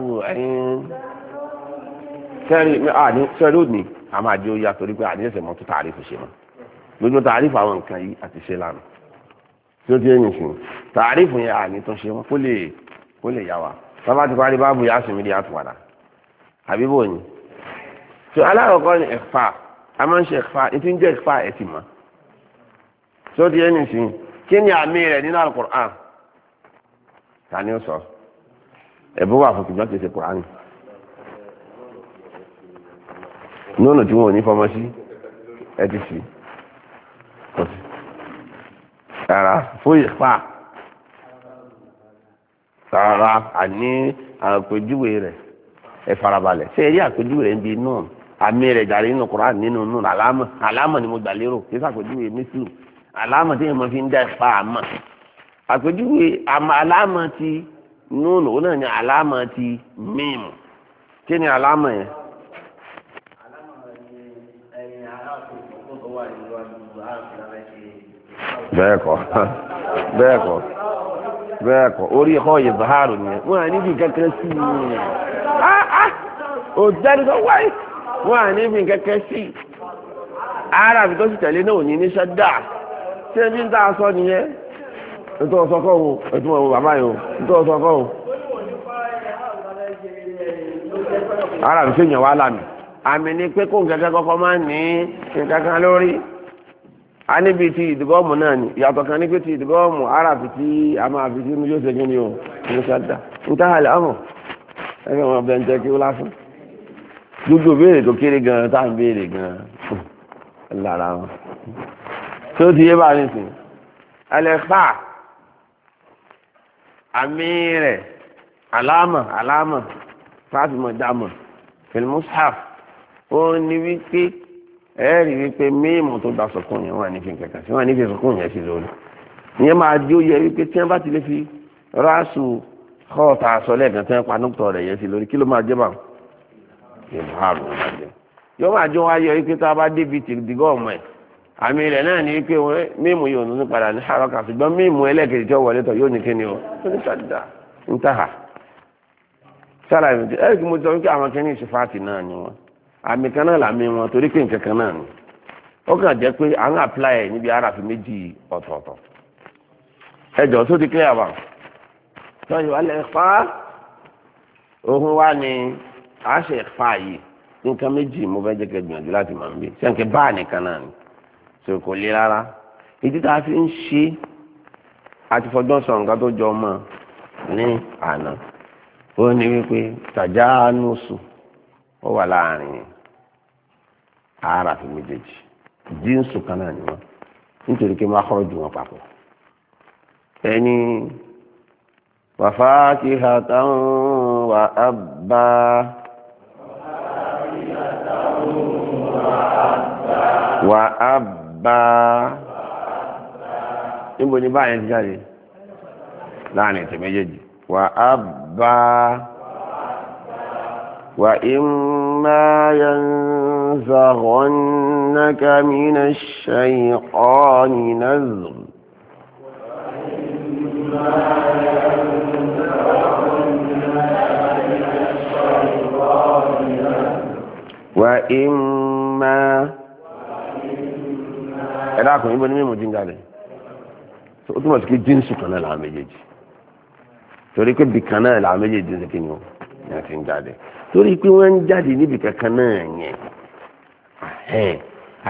Speaker 2: عند سرودني àmà àjẹ́ oyè àtòrí pé àdéhùn mọ́tò tààrífù ṣe mọ́ gbogbo tààrífù àwọn nǹkan yìí àti ṣe lánàá tí ó ti ẹ̀yìn sùn tààrífù yẹn àní tó ṣe mọ́ kó lè kó lè yá wa sábà ti parí báàbù yà sùn mí di àtúwàdà àbí bò ní. tó alákọ̀ọ́kọ́ ni ẹ̀fà a máa ń ṣe ẹ̀fà ètò ń jẹ́ ẹ̀fà ẹ̀ mọ́ tí ó ti ẹ̀yìn sùn kí ni àmì rẹ̀ nínú al ta ni ó sọ ẹ̀bùn wà fún kìjọ́ kìí ṣe kùránì nínú tí wọn ò ní fọmọ sí ẹ ti sí rárá fún ìpa rárá àní àpèjúwe rẹ̀ ẹ farabalẹ̀ ṣé eré àpèjúwe rẹ̀ ń bi náà àmì rẹ̀ jàre nínú kùránì nínú náà àlámọ̀ àlámọ̀ ni mo gbà lérò kí sàpèjúwe mísìlù àlámọ̀ tí èèyàn fi ń dá ìpa àmọ̀ àpèjúwe àlámà ti núùnù ó náà ní àlámà ti míìmù kí ni àlámà yẹn. bẹ́ẹ̀ kọ́ bẹ́ẹ̀ kọ́ bẹ́ẹ̀ kọ́ orí ẹ̀kọ́ yìí zaharu nìyẹn wọ́n á níbi kankan sí i nìyẹn ó jáde sọ wáyé wọ́n á níbi kankan sí i ara àbí tó ti tẹ̀lé náà ò ní ní sẹ́dá ṣé bí n ta sọ nìyẹn nítorí ọsọ kọ́ o ẹ̀tún ọ̀wọ̀ bàbá yìí o nítorí ọsọ kọ́ o. ara mi ṣe yàn wá lànà àmì ni pé kó nǹkan kọ́kọ́ máa ní nǹkan kan lórí a níbi ti ìdìbọ́ọ̀mù náà ni ìyàtọ̀ kan ní ti ìdìbọ́ọ̀mù ara fi ti a máa fi sínú yóò ṣe kí ni o ní sádà níta àlẹ́ ọ̀hún ẹgbẹ́ wọn bẹ́ẹ̀ ń jẹ́ kí ó lásán gbogbo béèrè tó kéré gan-an tá à ń béèrè gan-an lára wọn tó ti yé bá a nìsín ẹlẹ́fà àmì rẹ̀ àlámà àlámà fáfimọ̀ dámọ̀ fìlmùsáf ó ní wípé ẹ rí wípé mímọ̀ tó da sọkún yẹn wà ní fi kẹ̀kẹ́ sí wà ní fi sọkún yẹn sí lórí ìyẹn máa di ó yẹ wípé tí wọ́n bá ti lè fi ráṣù kọ́ọ̀tà aṣọ lẹ́ẹ̀kan tí wọ́n pa nùtọ̀ rẹ̀ yẹn sí lórí kí ló máa jẹ́ báwọn yóò máa jọ wáyọ wípé tá a bá débi tìrìdìgọ́ ọmọ ẹ̀ àmì rẹ̀ náà ní pé mímu yóò nínú padà ní haraka ṣùgbọ́n mímu ẹlẹ́kẹ̀ẹ́ tí ó wọlé tọ̀ yóò ní kíni o ó ní sàdá ń tàhà sára ẹ̀mí tí ẹ̀rì kí mo sọ wípé àwọn kẹ́ni ìṣèfáàtì náà ni wọn àmì kan náà làmì wọn torí pé nǹkan kan náà ni ó kàn jẹ́ pé à ń apply ẹ̀ níbi ara fi méjì ọ̀tọ̀ọ̀tọ̀ ẹ jọ tó ti clear wa tọ́jú alẹ́ fa ohun wa ni a ṣe fa yìí nǹkan méjì mo fẹ́ jẹ́ kẹ́ gbìyànjú láti máa ń gbé ṣé báà nìkan náà ni. so kò le rárá ìdí tá a fi ń ṣe àti fọgbọ́n sọ nǹkan tó jọ mọ́ ní àná ó ní wípé tàjánùsù ó wà láàrin ara fi méjèèjì jíǹsù kan náà ni wọn nítorí pé máa jù wọn papọ̀ bá níbo ni báyẹn ti jáde láàrin ìtẹ̀ méjèèjì wà á bá wà ìmá yẹn زغنك من الشيطان نزغ وإما ẹ dákun ibo ní mímu jíńgà rẹ̀ ó túmọ̀ sí pé jíǹsì kan náà làwọn méjèèjì torí pé bìkan náà làwọn méjèèjì ṣe kíni o ní àti ń jáde torí pé wọ́n ń jáde níbi kankan náà yẹn ẹ̀hẹ́n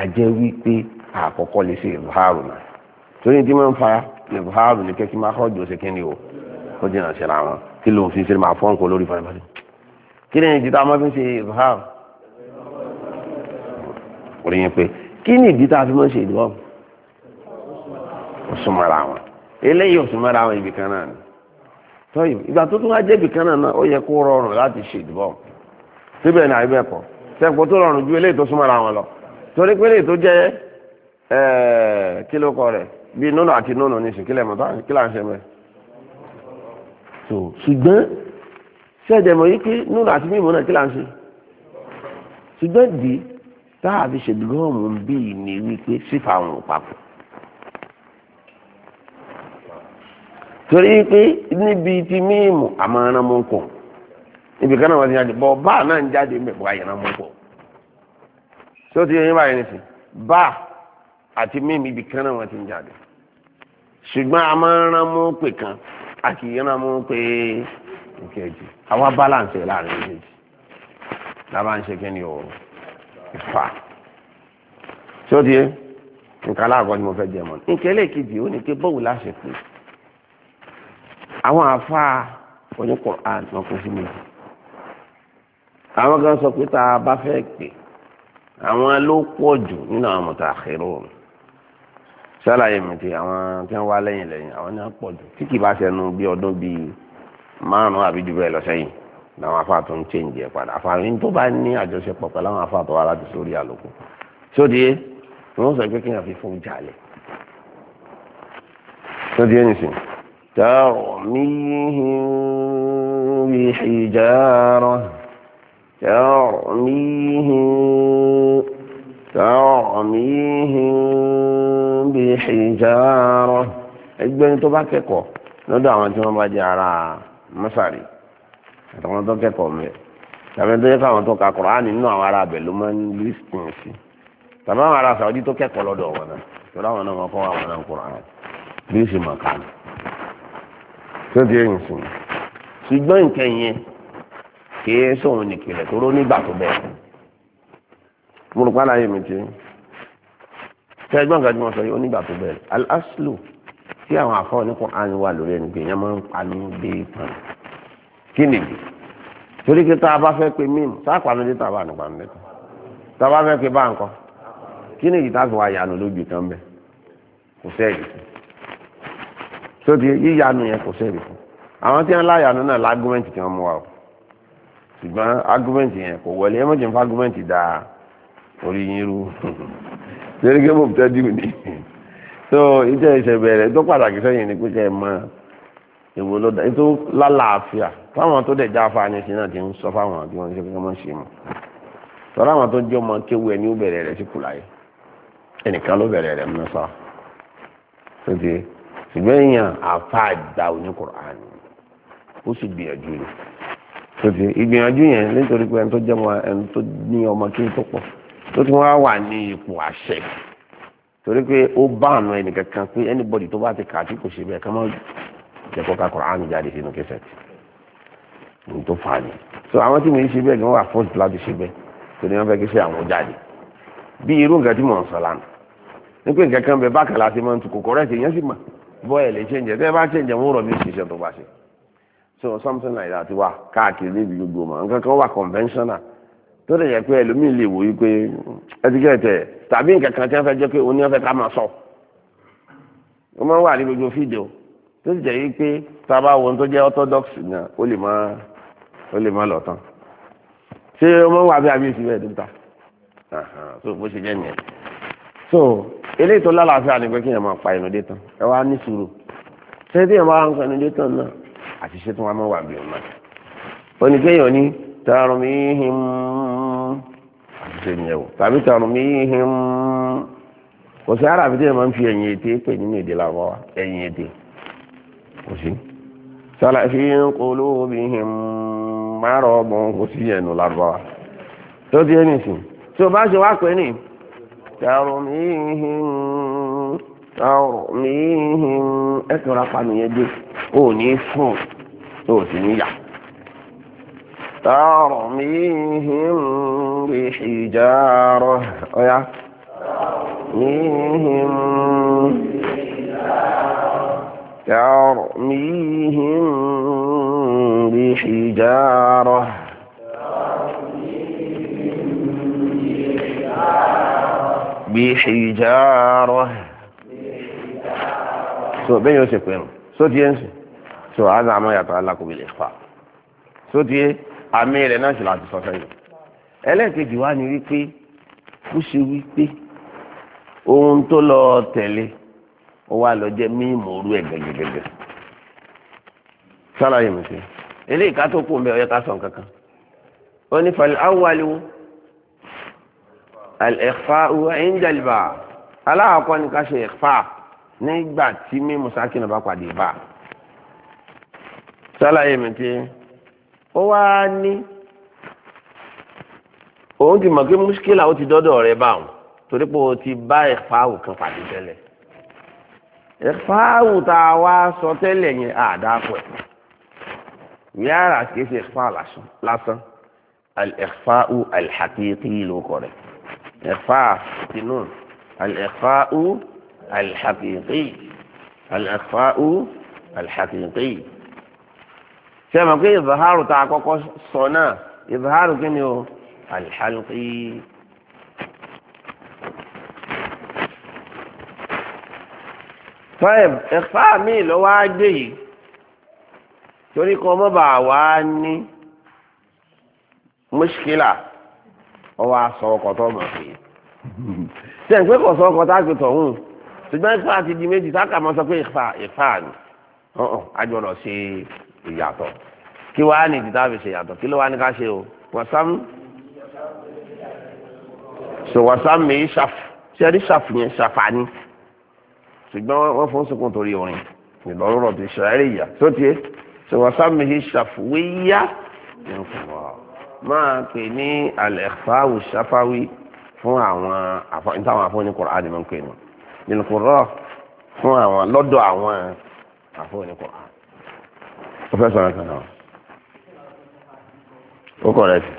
Speaker 2: àjẹ́ wípé àkọ́kọ́ lè ṣe ìbáàrù náà torí tí wọ́n ń fa ìbáàrù ní kẹ́kí máa kọ́jọ́ ṣe kíni o ó jìnnà síra wọn kí ló ń fi ṣe máa fọ́nkọ lórí fanifani kí ni ìjìtá máa fi ṣe ìbáàrù kí ni ìdí tá a fi mọ́ ṣe ìdíwọ́ òsùnmọ́ra wọn eléyìí òsùnmọ́ra wọn ibì kan náà ni tọ́yìn ìgbà tó tún wá jẹ́ ibì kan náà ó yẹ kó rọrùn láti ṣe ìdíwọ́ síbẹ̀ náà ibẹ̀ pọ̀ sẹ́kọ̀ọ́ tó rọrùn ju eléyìí tó súnmọ́ra wọn lọ torí pé eléyìí tó jẹ́ kí ló kọ rẹ̀ bíi nínú àti nínú ní sùn kílẹ̀ mọ́tò kí là ń ṣe mẹ́ ṣùgbọ́n ṣẹ̀dẹ̀mọ̀ yìí pé nínú àti mímọ́ náà kí là ń ṣe ṣùgbọ́n dìí táà fi ṣe gọ́ọ̀mù bíi ni wípé sífà wọn papọ̀ torí pé níbi tí mímu àmọ́ràn kọ̀ ibi kan náà wọ́n ti jáde bọ́ bá náà ń jáde ń bẹ̀ bọ́ àyẹ̀rán mọ́ pọ̀ tí ó ti yẹ yín báyìí nìsín bá àti mímu ibi kan náà wọ́n ti jáde ṣùgbọ́n àmọ́ràn kan a kì í rán balance láàrin méjèèjì lábàá ń ṣe kí ni o ìfà tí ó di nǹkan aláàgọ́ ni mo fẹ́ jẹ mọ́ nǹkan ẹlẹ́ẹ̀kejì ó ní pé bọ́ọ̀lù láṣẹ pé àwọn àfáà oníkùn àtọkùn sí mi àwọn kan sọ pé tá a bá fẹ́ pè àwọn ló pọ̀ jù nínú àwọn mọ̀tà àkérò ṣàlàyé mi ti àwọn tí wọ́n wá lẹ́yìn lẹ́yìn àwọn náà pọ̀ jù tí kì bá ṣẹnu bí ọdún bíi márùn-ún àbí jù bẹ́ẹ̀ lọ sẹ́yìn làwọn afá tó ń chẹ́ǹjì ẹ̀ padà àfààní tó bá ní àjọṣepọ̀ pẹ̀lú àwọn afá tó wá láti sórí àlòkù sódìé wọ́n sọ pé kí wọ́n fi fún jalè sódìé nìsín ترميهم بحجارة ترميهم ترميهم بحجارة ẹgbẹ́ni tó bá kẹ́kọ̀ọ́ lọ́dọ̀ àwọn tí wọ́n bá jẹ́ ara mọ́sàrí àtàwọn tó kẹ́kọ̀ọ́ mẹ́ tàbí tó yẹ kó àwọn tó ka Kùránì nínú àwọn ará abẹ ló máa ń lísìn sí tàbí àwọn ará Saudi tó kẹ́kọ̀ọ́ lọ́dọ̀ wọn náà tọ́lá àwọn náà wọn kọ́ àwọn náà Kùránì bí ó sì mọ̀ ká ní. tó di ẹ̀yìn sùn ṣùgbọ́n nǹkan yẹn kì í sóhun nìkìlẹ̀ tó ró nígbà tó bẹ̀rẹ̀ mo rò pálá yẹn mi ti tẹ́gbọ́n kan tí wọ́n sọ yìí onígbà tó bẹ̀rẹ̀ al-aslu tí àwọn àfọwọ́ nípa àyìnwá lórí ẹni pé èèyàn máa ń pa ní bẹ́ẹ̀ pàrọ̀ kí torí tá a bá fẹ́ pe mímu tá a dé tá a bá nu panu dé tá a bá fẹ́ bá tá yanu lójú kan kò sẹ́ẹ̀dì sóti yíyanu yẹn kò sẹ́ẹ̀dì fún àwọn tí wọn láyanu náà lágúmẹ́ǹtì tí mú wa o ṣùgbọ́n ágúmẹ́ǹtì yẹn kò wọlé ẹ mọ̀jẹ̀ orí yín so ìjẹ́ ìṣẹ̀bẹ̀rẹ̀ tó pàtàkì sẹ́yìn ni pé kẹ́ ẹ mọ èwo ló dá ètò lálàáfíà. fáwọn tó dẹ̀ jáfa ní sí náà ti ń sọ fáwọn àti wọn ṣe fẹ́ mọ́ ṣe mọ́ sọ láwọn tó jẹ́ ọmọ kéwu ẹni ó bẹ̀rẹ̀ rẹ̀ sí kùláyé ẹnìkan ló bẹ̀rẹ̀ rẹ̀ mọ́ sọ tó ti ṣùgbọ́n èèyàn àfa àgbà òní kùránì ó sì gbìyànjú ni tó ti ìgbìyànjú yẹn nítorí pé ẹni tó jẹ́ ẹni tó ní ọmọ kéwu tó pọ̀ tó ti wá wà ní ipò àṣẹ torí pé ó bá àna ẹnìkan kan pé anybody tó bá ti kà á tí kò ṣe bẹ́ẹ̀ ká má jẹ́ kó ka kùránì jáde sínú kẹsẹ̀tì ohun tó fà ni so àwọn tí mo ń ṣe bẹ́ẹ̀ ni wọ́n wà fọ́ọ̀tì láti ṣe bẹ́ẹ̀ tó ní wọ́n fẹ́ kí ṣe àwọn jáde bí irú nǹkan tí mò ń sọ lánàá nípa nǹkan kan bẹ bákan láti máa ń tukọ̀ kọ́rẹ́tì èèyàn sì mà bọ́ẹ̀ lè ṣe ń bá ṣe wọ́n rọ̀ bí òṣìṣẹ́ tó bá ṣe so something like that wà káàkiri níbi gbogbo mà nǹkan kan wà conventional tó lè yẹ pé ẹlòmíì lè wò yí pé ẹtikẹ́tẹ̀ tàbí nǹkan kan tí wọ́n fẹ́ jẹ́ pé òun ni wọ́n fẹ́ ká máa sọ wọ́n máa ń wà ní gbogbo fídíò tó sì jẹ́ yí pé tá a bá wo ohun tó jẹ́ orthodox ó lè má lọ tán ṣé ọmọ wà bí abí ìsìn bẹ́ẹ̀ dókítà so bó ṣe jẹ́ nìyẹn so eléyìí tó lálàáfíà ni pé kí èèyàn máa pa ìnùdé tán ẹ wá ní sùúrù ṣé tí èèyàn máa ń pa ìnùdé tán náà àṣìṣe tó wá máa wà bí ọmọ oníkéèyàn ní tàrùmíhìn àṣìṣe nìyẹn o tàbí tàrùmíhìn kò sí ara àbídé máa ń fi ẹ̀yìn ètè pè nínú èdè làwọn ẹ̀yìn ètè kò sí. sálàfíìn qulubihim. máa rọ ọmọ òun sí ẹnu lárúbáwá tó di ẹni sìn tó bá ṣe wá pé ní tẹrùmíhìn tẹrùmíhìn m ra panìyẹn dé ò ní fún m sì ní yà tẹrùmíhìn bìhìjáàrọ m tẹrùmíhìn m. بحجارة بحجارة so bẹ́ẹ̀ yóò ṣe pé nù sóti yẹn sùn so àdá àmọ́ yàtọ̀ alákòbí lè fà sóti yẹ àmì rẹ̀ náà sì láti sọ sẹ́yìn ẹlẹ́ẹ̀kejì wá ní wípé ó ṣe sálàyé mi sí eléyìí ká tó kú mbẹ ọyẹ ká sọ nǹkan kan ó ní fal awwalu al ikhfa'u inda al ba' aláàkọ́ ni ká ṣe ikhfa' nígbà tí mímú sákìnà bá pàdé bá sálàyé mi sí ó wá ní òun ti mọ̀ pé muskila ó ti dọ́dọ̀ rẹ báwọn torí pé o ti bá ikhfa'u kan pàdé tẹ́lẹ̀ ikhfa'u tá a wá sọ tẹ́lẹ̀ yẹn àdá pẹ̀. ويارا كيس إخفاء لاشن لاشن الإخفاء الحقيقي لو كوري إخفاء تنون الإخفاء الحقيقي الإخفاء الحقيقي سيما كي إظهار تاكوكو صنا إظهار كنيو الحلقي طيب إخفاء مين لو عادي torí kan mọ́ bá wà á ní mọ́ṣíkìlà ọwọ́ aṣọ ọkọ̀ tó mọ̀ pé ṣe ń pẹ́ kọ̀ sọ ọkọ̀ táàgbé tọ̀hún ṣùgbọ́n ìfà àti di méjì táàkà máa sọ pé ìfà ìfà ni àjọrọ̀ ṣe ìyàtọ̀ kí wàá ní ìdìtà fi ṣe ìyàtọ̀ kí ló wàá ní ká ṣe o wàsám ṣe wàsám mi ṣàf ṣe rí ṣàf yẹn ṣàfàní ṣùgbọ́n wọ́n fún sókun torí orin ìlọrọ̀ ti ṣàárẹ̀ ìyà tó tiẹ̀ so wasamihi ṣàfùwéyá ẹ̀fọ́ máa pè ní alẹ́fàáwù ṣàfáwí fún àwọn àfọ̀nìtàwọn afọ́nìkọ̀rọ̀ àdìmọ́ ń pè nù nìkọ̀rọ̀ fún àwọn lọ́dọ̀ àwọn afọ́nìkọ̀rọ̀ ó fẹ́ sọ̀rọ̀ kan náà ó kọ̀ rẹ̀ sí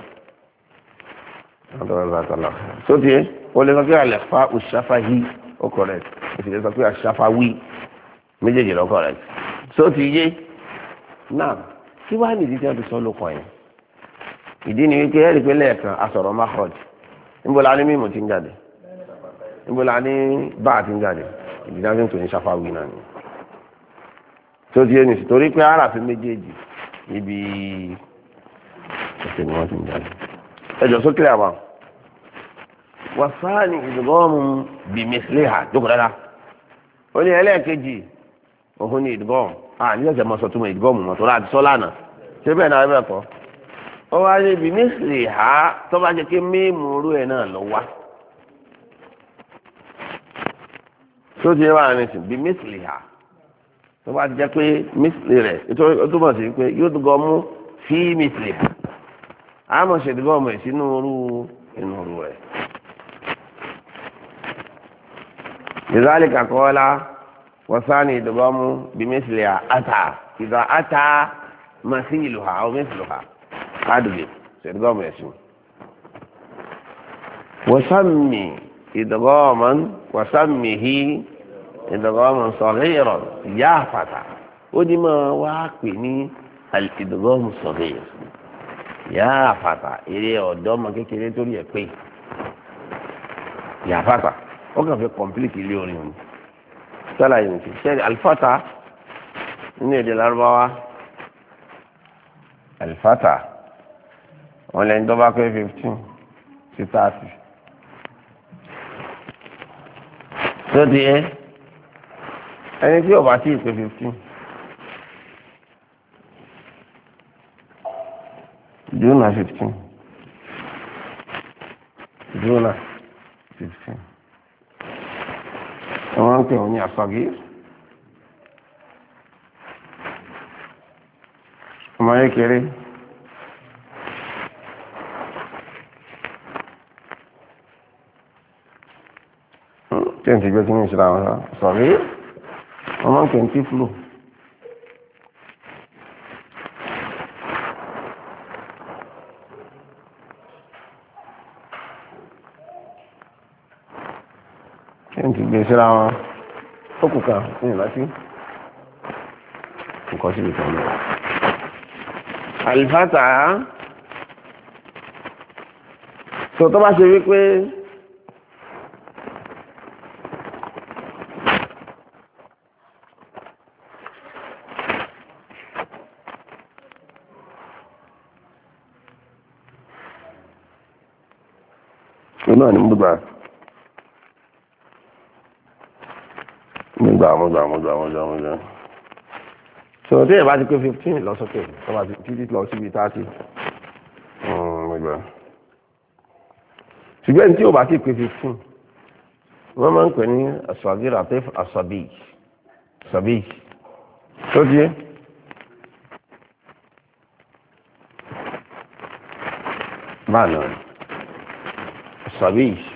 Speaker 2: sóti ẹ ó lè sọ pé alẹ́fàáwù ṣàfáyí ó kọ̀ rẹ̀ sí ó sì lè sọ pé àṣàfáwí méjèèjì lọ́kọ̀ rẹ̀ sí sóti yé. náà tí wàá nìdí tí wọ́n fi sọ lóko yẹn ìdí ni wípé ẹ̀rí pé lẹ́ẹ̀kan asọ̀rọ̀ mahrod níbo la ní mímú ti ń jáde níbo la ní báà ti ń jáde ìdí náà fi ń tò ní tí ó ti nìsí torí pé ara fi méjèèjì níbi ti ń jáde sókè wàsáà òhun ni ìdúgọ́m à ní ọ̀sẹ̀ mọ̀sọ̀ túmọ̀ ìdúgọ́m mọ̀tò láti sọ́ lánàá ṣé bẹ́ẹ̀ náà bẹ́ẹ̀ kọ́ ó wá ní ibi ha tó bá jẹ́ náà lọ wá tó ti wá ní sìn bí ha tó bá jẹ́ pé rẹ̀ ó túmọ̀ sí pé yóò mú ha ṣe sínú orú inú orú rẹ̀. وثاني ضمام بمثلها أتى إذا أتى مثيلها أو مثلها أدري سيضم يسمى وسمي إدغاما وسمه إدغاما صغيرا يا فتى ودي ما واقبني الإدغام الصغير يا فتى إلي أدوما كيكي لتولي يا فتى وكان في كومبليك اليوريون sálàyé mi sẹ́ni alifata nínú èdè lárúbáwá alifata wọn lẹ́ni tó bá pé fifteen sí thirty. tó ti yẹ tí ọba tí ì pé fifteen júnà fifteen júnà fifteen wọ́n ń pè wọ́n ní àsọ̀gír ọmọ kékeré tí n ti gbé kí ní ìṣúra wọn sọ̀gír ọmọ ń síra wọn ó kù kan ní ìrántí nǹkan sí ìtàn náà àlìfáàtà tó tó bá ṣe wípé náà ni mo bá a. gbà mo gbà mo gbà mo gbà mo gbà so tí ẹ bá ti pé fifteen lọ sókè tó bá ti títí lọ síbi thirty hmm, mo gbà ṣùgbọ́n tí ò bá ti pé fifteen wọ́n máa ń pè ní asọ̀gírà àti asọ̀bíì sọ̀bíì tó di é. báà náà sọ̀bíì.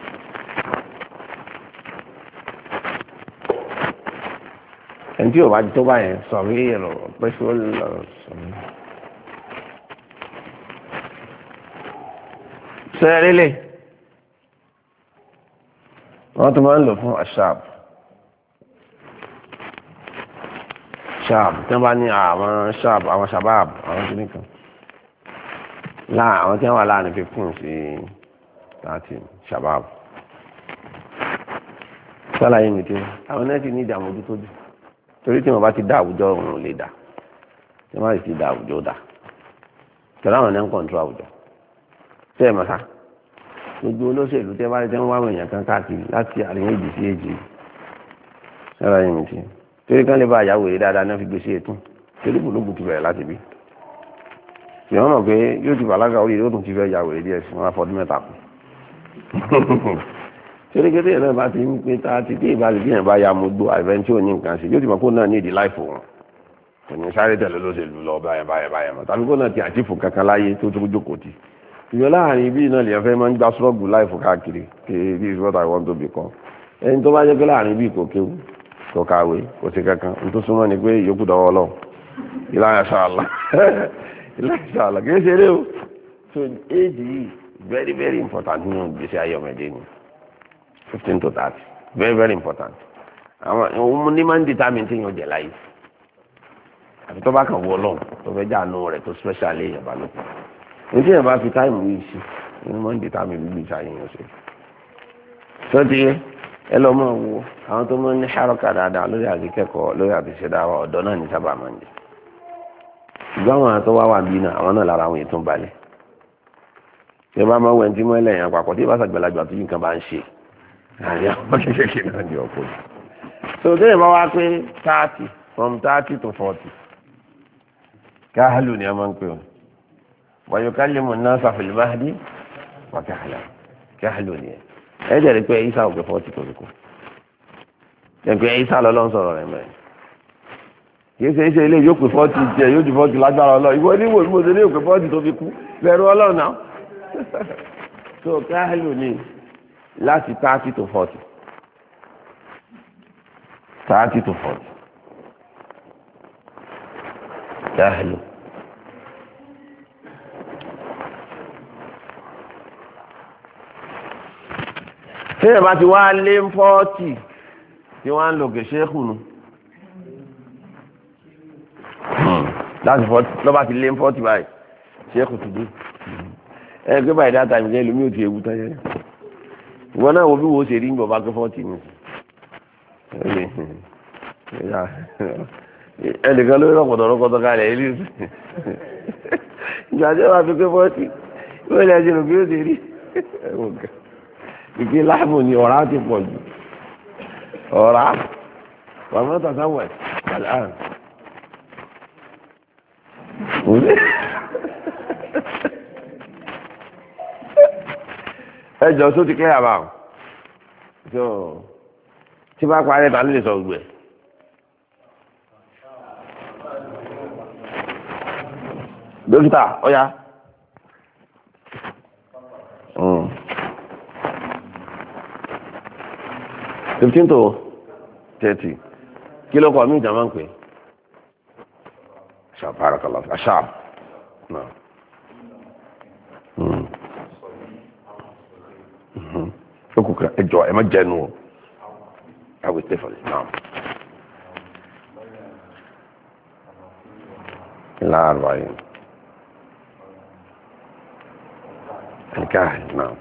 Speaker 2: ẹni tí ò bá tó báyẹn sọ̀rí ìrọ̀ pé kí ó lọ sọ̀rí. sẹ́rẹ́ lè wọ́n tún máa ń lò fún ashab shab tí wọ́n bá ní àwọn shab àwọn shabab àwọn tí nìkan láà àwọn tí wọ́n wà láàrin fífún sí láti shabab sálàyé nìkan àwọn náà ti ní ìdààmú ojú tó dùn torí tí wọn bá ti dá àwùjọ òun ò lè dá tí wọn bá ti dá àwùjọ dá tẹ̀lé àwọn ẹni ń kọ̀ǹtó àwùjọ tẹ ẹ mọ̀ta gbogbo olóṣèlú tẹ bá tẹ ń wá àwọn èèyàn kan káàkiri láti àríyàn èjì sí èjì sára yìí nìyí torí kan lè bá àyàwó rẹ dáadáa náà fi gbé sí ètò torí bùlógù ti bẹ̀rẹ̀ láti bí ìwọ́n mọ̀ pé yóò ti bàlágà orí yóò tún ti fẹ́ yàwó rẹ díẹ̀ sí wọn afọdún mẹ́ta kù. kérékété yẹn náà bá ti ń pé tá ti dé ìbálẹ̀ bí yẹn bá ya mo gbó àìfẹ́ntì òní nǹkan ṣe yóò ti mọ̀ kó náà ní ìdí láìfò wọn kò ní sáré tẹ̀lé lóṣèlú lọ báyẹn báyẹn báyẹn mọ̀ tàbí kó náà ti àtìfò kankan láyé tó tó jókòó ti ìyọ láàrin bí náà lèyàn máa ń gbá sọ́ọ̀gù láìfò káàkiri kí bí what I want to become ẹni tó bá jẹ́ pé láàrin bí kò so éèdì yìí very very fifteen to thirty very very important àwọn ohun ní máa ń determine téèyàn jẹ láyé àfi tó bá kàn wọ Ọlọ́run tó fẹ́ jáàánú rẹ̀ tó special èèyàn bá lọ ní téèyàn bá fi táìmù yìí sí inú máa ń determine gbígbé ìṣàyẹ̀yàn sí tó ti yẹ ẹ lọ máa wo àwọn tó máa ń ní ṣàròkà dáadáa lórí àgbékẹ́kọ̀ọ́ lórí àbíṣẹ́dáwà ọ̀dọ́ náà ní sábà máa ń jẹ ṣùgbọ́n àwọn àtọ́ wá wà bí náà àwọn náà lára àwọn ètò balẹ̀ tí ẹ bá máa wẹ̀ ní tí mọ́ ẹlẹ́yìn àpapọ̀ tí ẹ so déyìn bá wá pé thirty from thirty to forty káhálù ni a máa ń pè wọn wàyọkálẹ̀ mọ̀ náà sàfẹ̀lẹ̀ bá dé wà káhálà káhálù ni ẹ ẹ jẹ́rìí pé isa ò pé forty tó fi kú ẹ̀pẹ́ isa lọ́lọ́ ń sọ̀rọ̀ rẹ̀ mẹ́rin kìí ṣe iṣẹ́ ilé yóò pè fọ́ọ̀tì jẹ yóò ju fọ́ọ̀tì lágbára ọlọ́ ìwọ ní ìwòsàn ilé yóò pè fọ́ọ̀tì tó fi kú bẹ̀rù ọlọ́run náà so káhálù ni láti thirty to forty thirty to forty dáhìlú. téèyàn bá ti wá lé fọ́ọ̀tì tí wọ́n á ń lò gèsè kùnú láti forty lọ́ba ti lé fọ́ọ̀tì báyìí ṣé kùtùdú ẹ gbé báyìí dáta ìgbẹ́ ìlú mi ò ti ewu tán yẹn ìwọ náà wo bí wo ṣe rí ìgbọ̀n bá gbé fọ́ọ̀tì ni ẹnìkan lórí ọ̀pọ̀tọ̀ rọ́kọ̀tọ̀ kalẹ̀ ilé ìgbà tí wọ́n fi gbé fọ́ọ̀tì ìwọ ilẹ̀ ẹ̀jẹ̀ lògbé ṣe rí ìpín láàbù ni ọ̀rá ti pọ̀ jù ọ̀rá wàmọ́tà sáwẹ̀ kàlẹ́ àrùn. ẹjọ́ tó ti clear about so tí bá parẹ́ ta ló lè sọ gbẹ. dókítà ọ̀ya. Hmm. fifteen to thirty kí ló kọ́ mi ìjà máa ń pè é. ṣàpárọ̀ kọlọ́fà náà. kan ẹ jọ ẹ má jẹ nu o i will stay for this now. láàárọ̀ yìí ẹnìkan náà.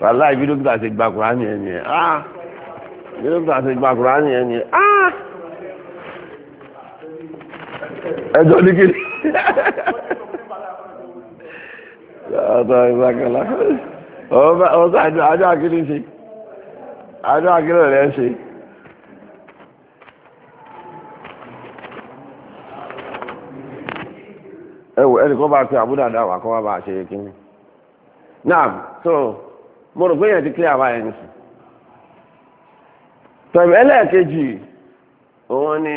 Speaker 2: wàláì bí dókítà ṣe gba kùránì ẹni ẹ ah bí dókítà ṣe gba kùránì ẹni ah. ẹjọ́ ní kí ẹwọ ẹnìkan bá pe wà kọ́ wá bá ṣe náà mo rò pé yẹn ti ẹlẹ́ẹ̀kejì òun ni.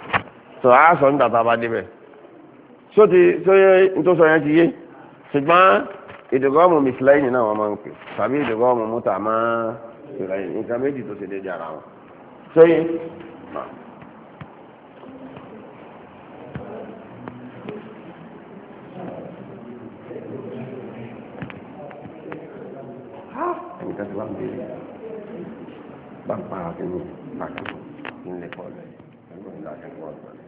Speaker 2: sọ á sọ nígbà tá a bá débẹ̀ só ti só yẹ nítorí sọ yẹn ti yé ṣùgbọ́n ìdìgọ́mù mìsìlẹ́yìn náà wọ́n máa ń pè tàbí ìdìgọ́mù mútà máa ìrẹ̀yìn nǹkan méjì tó ṣe déédé ara wọn só yẹ. nǹkan tí wọ́n ń béèrè bá ń para kí ni
Speaker 1: bá kí